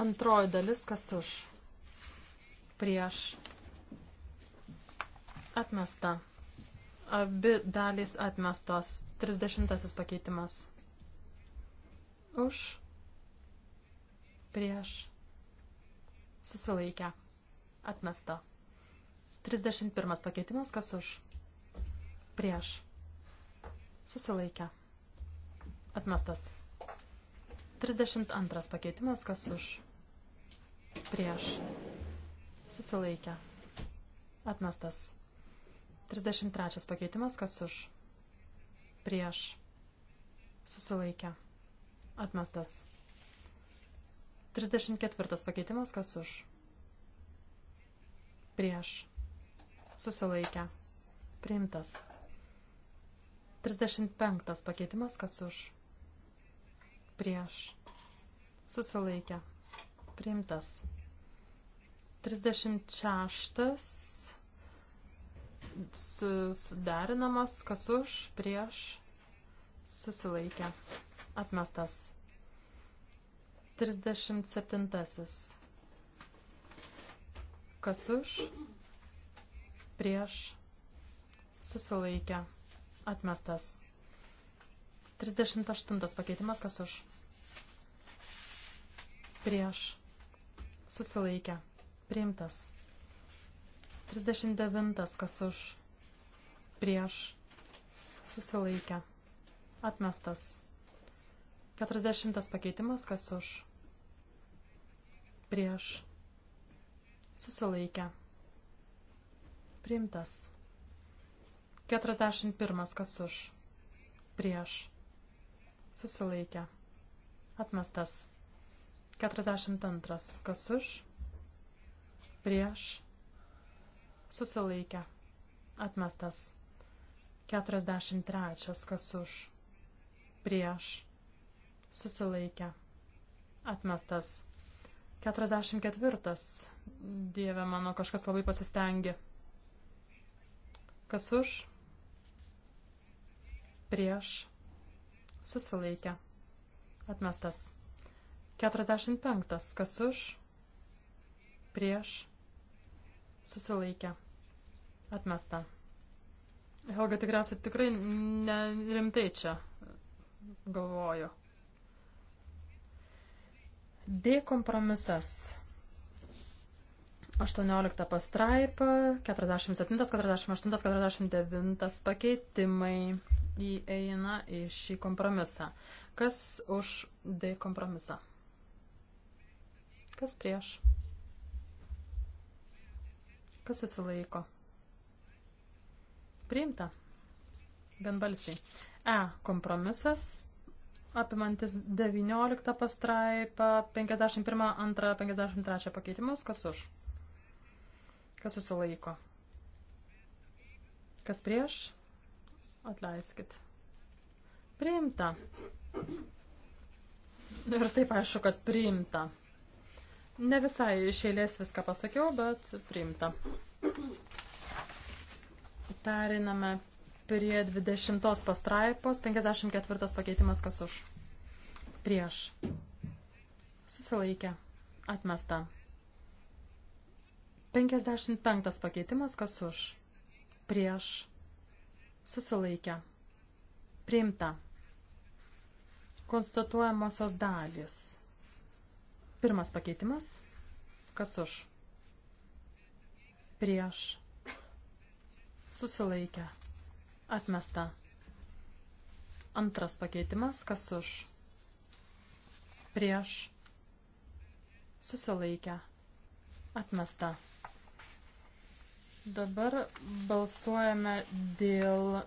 Antroji dalis kas už prieš atmesta. Abi dalys atmestos. 30 pakeitimas. Už prieš susilaikę atmesta. 31 pakeitimas kas už prieš susilaikę atmestas. 32 pakeitimas kas už prieš Susilaikę. Atmestas. 33 pakeitimas, kas už. Prieš. Susilaikę. Atmestas. 34 pakeitimas, kas už. Prieš. Susilaikę. Priimtas. 35 pakeitimas, kas už. Prieš. Susilaikę. Priimtas. 36 su, suderinamas, kas už, prieš, susilaikę, atmestas. 37. Kas už, prieš, susilaikę, atmestas. 38. Pakeitimas, kas už, prieš, susilaikę, atmestas Priimtas. 39. Kas už? Prieš. Susilaikę. Atmestas. 40. Pakeitimas. Kas už? Prieš. Susilaikę. Priimtas. 41. Kas už? Prieš. Susilaikę. Atmestas. 42. Kas už? prieš, susilaikę, atmestas. 43. Kas už, prieš, susilaikę, atmestas. 44. Dieve mano, kažkas labai pasistengi. Kas už, prieš, susilaikę, atmestas. 45. Kas už, prieš, Susilaikė. Atmesta. Helga tikriausiai tikrai nerimtai čia galvoju. D kompromisas. 18 pastraipa, 47, 48, 49 pakeitimai įeina į šį kompromisą. Kas už D kompromisą? Kas prieš? Kas susilaiko? Priimta. Vienbalsiai. E. Kompromisas apimantis 19 pastraipą, 51, 2, 53 pakeitimus. Kas už? Kas susilaiko? Kas prieš? Atleiskit. Priimta. Ir taip aišku, kad priimta. Ne visai iš eilės viską pasakiau, bet priimta. Periname prie 20 pastraipos, 54 pakeitimas kas už. Prieš. Susilaikė. Atmesta. 55 pakeitimas kas už. Prieš. Susilaikė. Priimta. Konstatuojamosios dalys. Pirmas pakeitimas. Kas už? Prieš. Susilaikę. Atmesta. Antras pakeitimas. Kas už? Prieš. Susilaikę. Atmesta. Dabar balsuojame dėl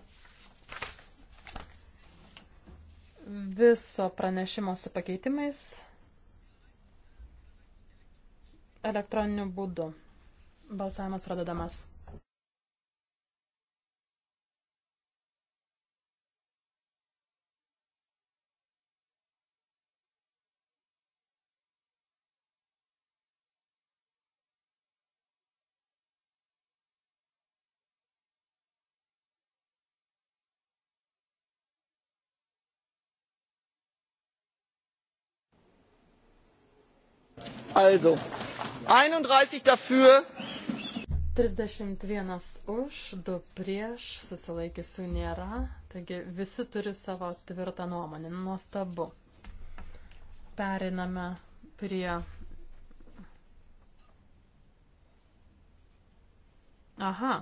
viso pranešimo su pakeitimais elektroniniu būdu. Balsavimas pradedamas. also einunddreißig dafür. 31 už, 2 prieš, susilaikysiu nėra, taigi visi turi savo tvirtą nuomonę. Nuostabu. Periname prie. Aha,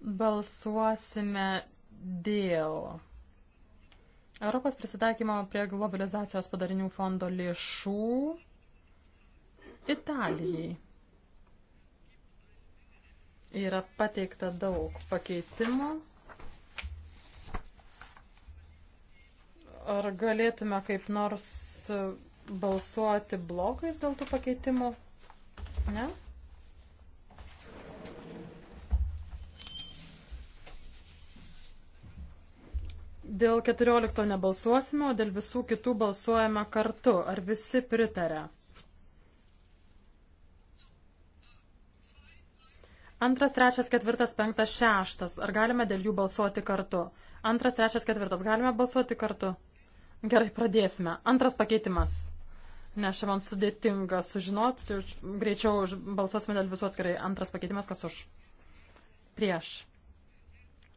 balsuosime dėl Europos prisitaikymo prie globalizacijos padarinių fondo lėšų Italijai. Yra pateikta daug pakeitimų. Ar galėtume kaip nors balsuoti blokais dėl tų pakeitimų? Ne? Dėl 14 nebalsuosime, o dėl visų kitų balsuojame kartu. Ar visi pritarė? Antras, trečias, ketvirtas, penktas, šeštas. Ar galime dėl jų balsuoti kartu? Antras, trečias, ketvirtas. Galime balsuoti kartu? Gerai, pradėsime. Antras pakeitimas. Nes čia man sudėtinga sužinoti. Greičiau balsuosime dėl visų atskirai. Antras pakeitimas, kas už? Prieš.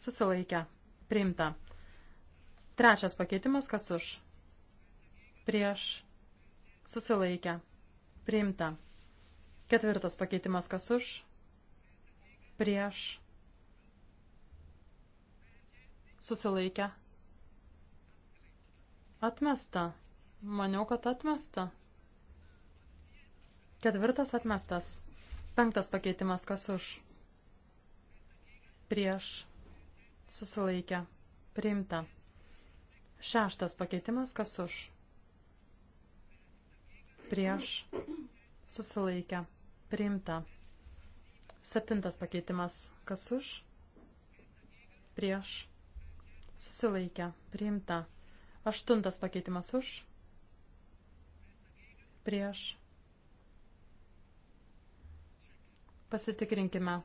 Susilaikę. Priimta. Trečias pakeitimas, kas už? Prieš. Susilaikę. Priimta. Ketvirtas pakeitimas, kas už? Prieš. Susilaikę. Atmesta. Maniau, kad atmesta. Ketvirtas atmestas. Penktas pakeitimas, kas už? Prieš. Susilaikę. Priimta. Šeštas pakeitimas, kas už? Prieš. Susilaikę. Priimta. Septintas pakeitimas, kas už? Prieš. Susilaikę. Priimta. Aštuntas pakeitimas už. Prieš. Pasitikrinkime.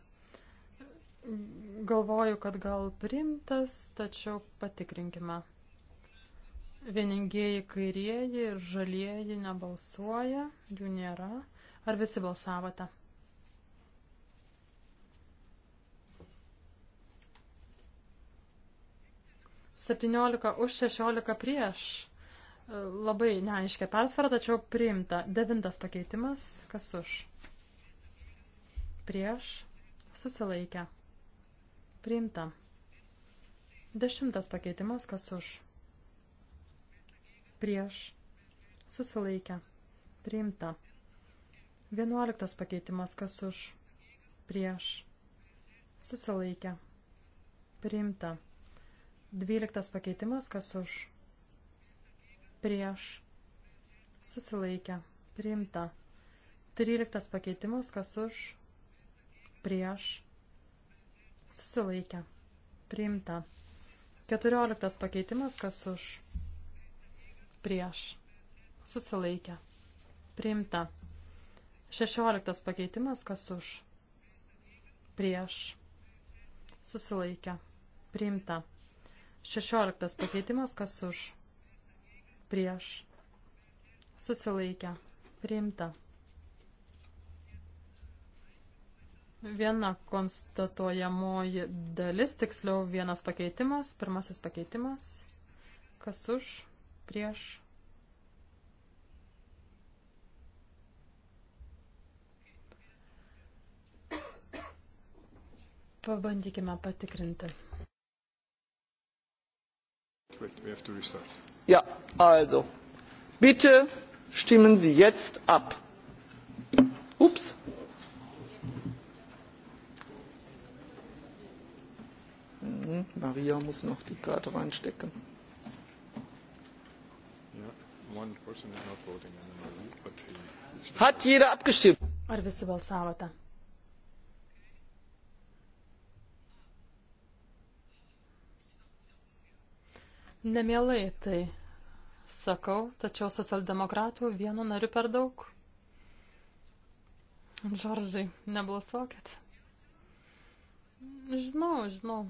Galvoju, kad gal priimtas, tačiau patikrinkime vieningieji kairieji ir žalieji nebalsuoja, jų nėra. Ar visi balsavote? Septyniolika už, šešiolika prieš. Labai neaiškia persvara, tačiau priimta. Devintas pakeitimas. Kas už? Prieš. Susilaikę. Priimta. Dešimtas pakeitimas. Kas už? prieš, susilaikę, priimta. Vienuoliktas pakeitimas, kas už, prieš, susilaikę, priimta. Dvyliktas pakeitimas, kas už, prieš, susilaikę, priimta. Tryliktas pakeitimas, kas už, prieš, susilaikę, priimta. Keturioliktas pakeitimas, kas už, prieš, susilaikę, priimta. Šešioliktas pakeitimas, kas už, prieš, susilaikę, priimta. Šešioliktas pakeitimas, kas už, prieš, susilaikę, priimta. Viena konstatuojamoji dalis, tiksliau vienas pakeitimas, pirmasis pakeitimas, kas už, prieš. Pabandykime patikrinti. Wait, we have to restart. Ja, also, bitte stimmen Sie jetzt ab. Ups. Mhm, Maria muss noch die Karte reinstecken. Hat jeder abgestimmt? Ar visi balsavote? Nemielai tai sakau, tačiau socialdemokratų vienu nariu per daug. Džordžai, neblasokit. Žinau, žinau,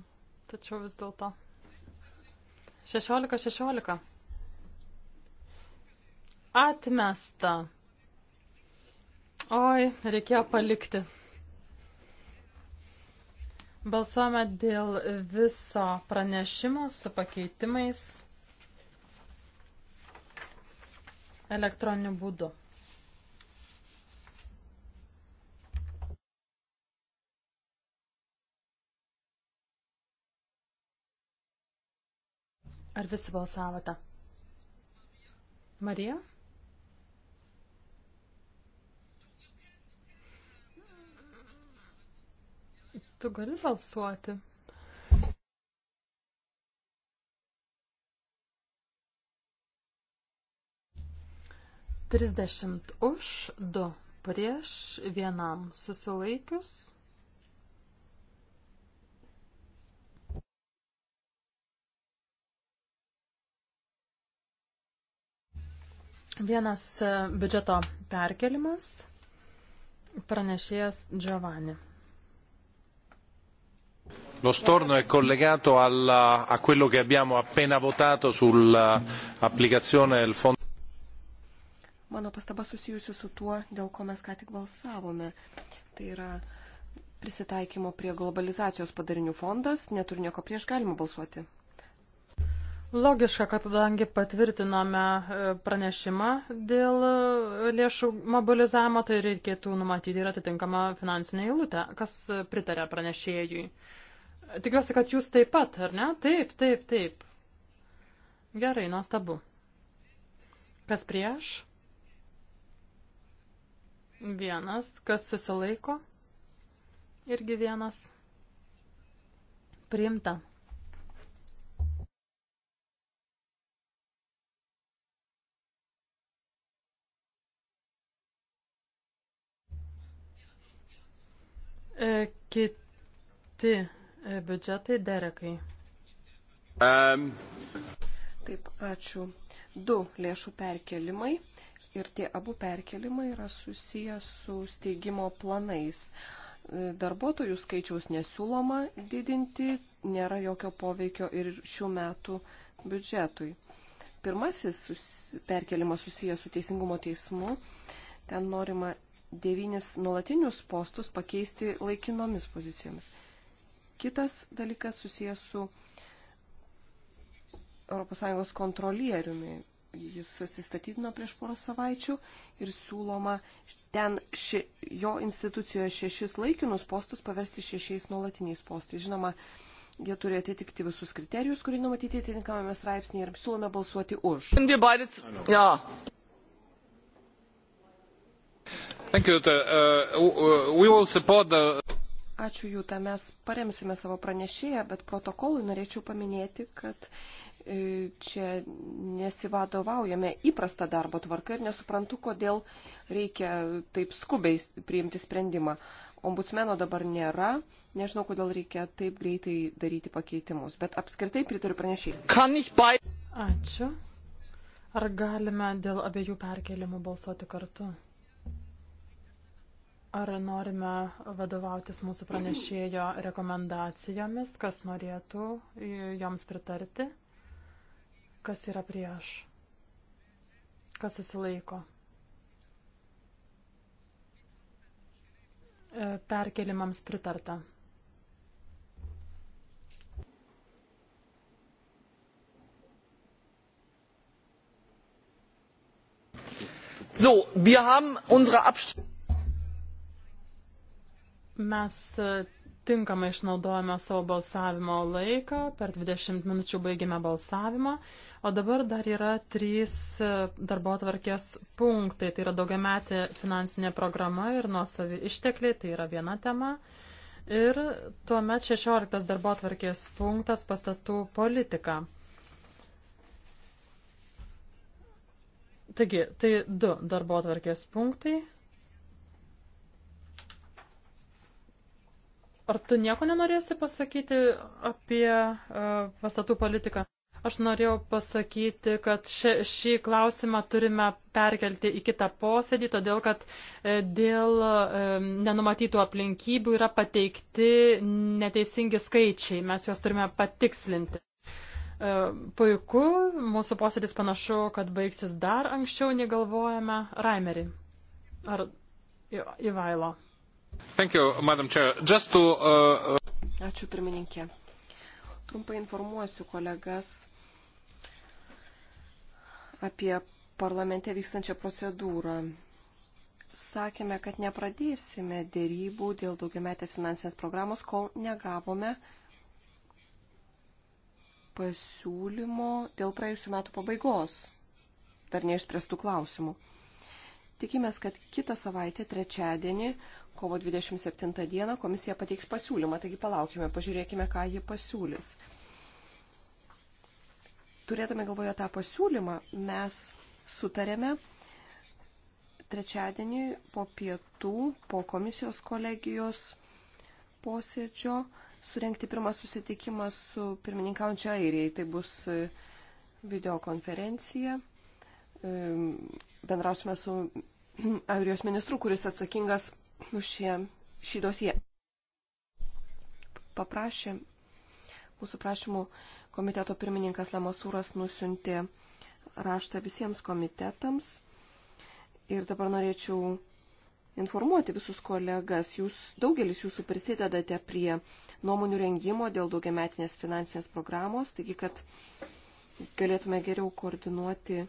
tačiau vis dėlto. 16-16. Atmesta. Oi, reikėjo palikti. Balsuojame dėl viso pranešimo su pakeitimais elektroniniu būdu. Ar visi balsavote? Marija? Tu gali balsuoti. Trisdešimt už, du prieš, vienam susilaikius. Vienas e, biudžeto perkelimas, pranešėjas Giovanni. Lo storno è collegato alla, a quello che abbiamo appena votato sull'applicazione del fondo. Mano pastaba susijusi su tuo, dėl ko mes ką tik balsavome. Tai yra prisitaikymo prie globalizacijos padarinių fondas, neturi nieko prieš, galima balsuoti. Logiška, kad kadangi patvirtinome e, pranešimą dėl e, lėšų mobilizavimo, tai reikėtų numatyti ir atitinkamą finansinę eilutę, kas e, pritarė pranešėjui. Tikiuosi, kad jūs taip pat, ar ne? Taip, taip, taip. Gerai, nuostabu. Kas prieš? Vienas. Kas susilaiko? Irgi vienas. Priimta. E, kiti Biudžetai derekai. Um. Taip, ačiū. Du lėšų perkelimai ir tie abu perkelimai yra susiję su steigimo planais. Darbuotojų skaičiaus nesiūloma didinti, nėra jokio poveikio ir šių metų biudžetui. Pirmasis sus... perkelimas susijęs su Teisingumo teismu. Ten norima devynis nuolatinius postus pakeisti laikinomis pozicijomis. Kitas dalykas susijęs su ES kontrolieriumi. Jis atsistatydino prieš porą savaičių ir siūloma ten ši, jo institucijoje šešis laikinus postus paversti šešiais nuolatiniais postais. Žinoma, jie turi atitikti visus kriterijus, kurį numatyti atitinkamame straipsnėje ir siūlome balsuoti už. Thank you. Uh, uh, we will support the Ačiū Jūta, mes paremsime savo pranešėją, bet protokolui norėčiau paminėti, kad e, čia nesivadovaujame įprasta darbo tvarka ir nesuprantu, kodėl reikia taip skubiai priimti sprendimą. Ombudsmeno dabar nėra, nežinau, kodėl reikia taip greitai daryti pakeitimus, bet apskritai pritariu pranešiai. Ačiū. Ar galime dėl abiejų perkelimų balsuoti kartu? Ar norime vadovautis mūsų pranešėjo rekomendacijomis, kas norėtų joms pritarti, kas yra prieš, kas susilaiko. E, perkelimams pritarta. So, wir haben unsere Abstimmung. Mes e, tinkamai išnaudojame savo balsavimo laiką, per 20 minučių baigėme balsavimą, o dabar dar yra trys e, darbo atvarkės punktai, tai yra daugiametė finansinė programa ir nuosavi ištekliai, tai yra viena tema. Ir tuomet 16 darbo atvarkės punktas pastatų politika. Taigi, tai du darbo atvarkės punktai Ar tu nieko nenorėsi pasakyti apie uh, pastatų politiką? Aš norėjau pasakyti, kad še, šį klausimą turime perkelti į kitą posėdį, todėl kad e, dėl e, nenumatytų aplinkybių yra pateikti neteisingi skaičiai. Mes juos turime patikslinti. Puiku, mūsų posėdis panašu, kad baigsis dar anksčiau, nei galvojame. Raimerį ar Ivailo. Thank you, Madam Chair. Just to, uh, Ačiū pirmininkė. Trumpai informuosiu kolegas apie parlamente vykstančią procedūrą. Sakėme, kad nepradėsime dėrybų dėl daugiametės finansinės programos, kol negavome pasiūlymo dėl praėjusių metų pabaigos dar neišspręstų klausimų. Tikimės, kad kitą savaitę, trečiadienį, Kovo 27 dieną komisija pateiks pasiūlymą, taigi palaukime, pažiūrėkime, ką ji pasiūlys. Turėdami galvoje tą pasiūlymą, mes sutarėme trečiadienį po pietų, po komisijos kolegijos posėdžio, surenkti pirmą susitikimą su pirmininkaujančia Airijai. Tai bus e, videokonferencija. E, bendrausime su *clears throat* Airijos ministru, kuris atsakingas už šį dosiją. Paprašė, mūsų prašymų komiteto pirmininkas Lamasūras nusiuntė raštą visiems komitetams. Ir dabar norėčiau informuoti visus kolegas. Jūs, daugelis jūsų prisidedate prie nuomonių rengimo dėl daugiametinės finansinės programos, taigi kad galėtume geriau koordinuoti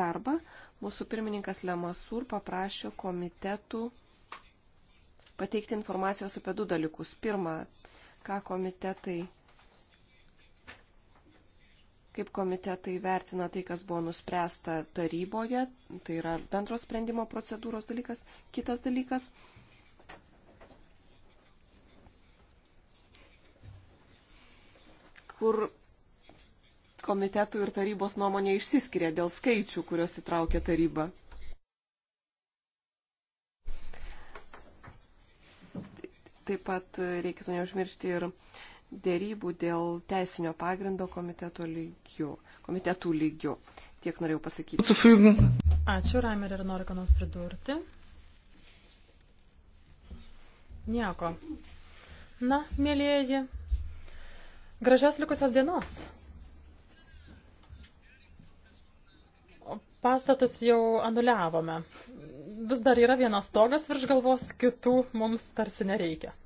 darbą. Mūsų pirmininkas Lemasur paprašė komitetų pateikti informacijos apie du dalykus. Pirma, ką komitetai, kaip komitetai vertina tai, kas buvo nuspręsta taryboje, tai yra bendros sprendimo procedūros dalykas. Kitas dalykas, kur komitetų ir tarybos nuomonė išsiskiria dėl skaičių, kuriuos įtraukė taryba. Taip pat reikėtų neužmiršti ir dėrybų dėl teisinio pagrindo komiteto lygių, komitetų lygių. Tiek norėjau pasakyti. Ačiū, Raimer, ir noriu ką nors pridurti. Nieko. Na, mėlyjeji, gražias likusias dienos. pastatus jau anuliavome. Vis dar yra vienas stogas virš galvos, kitų mums tarsi nereikia.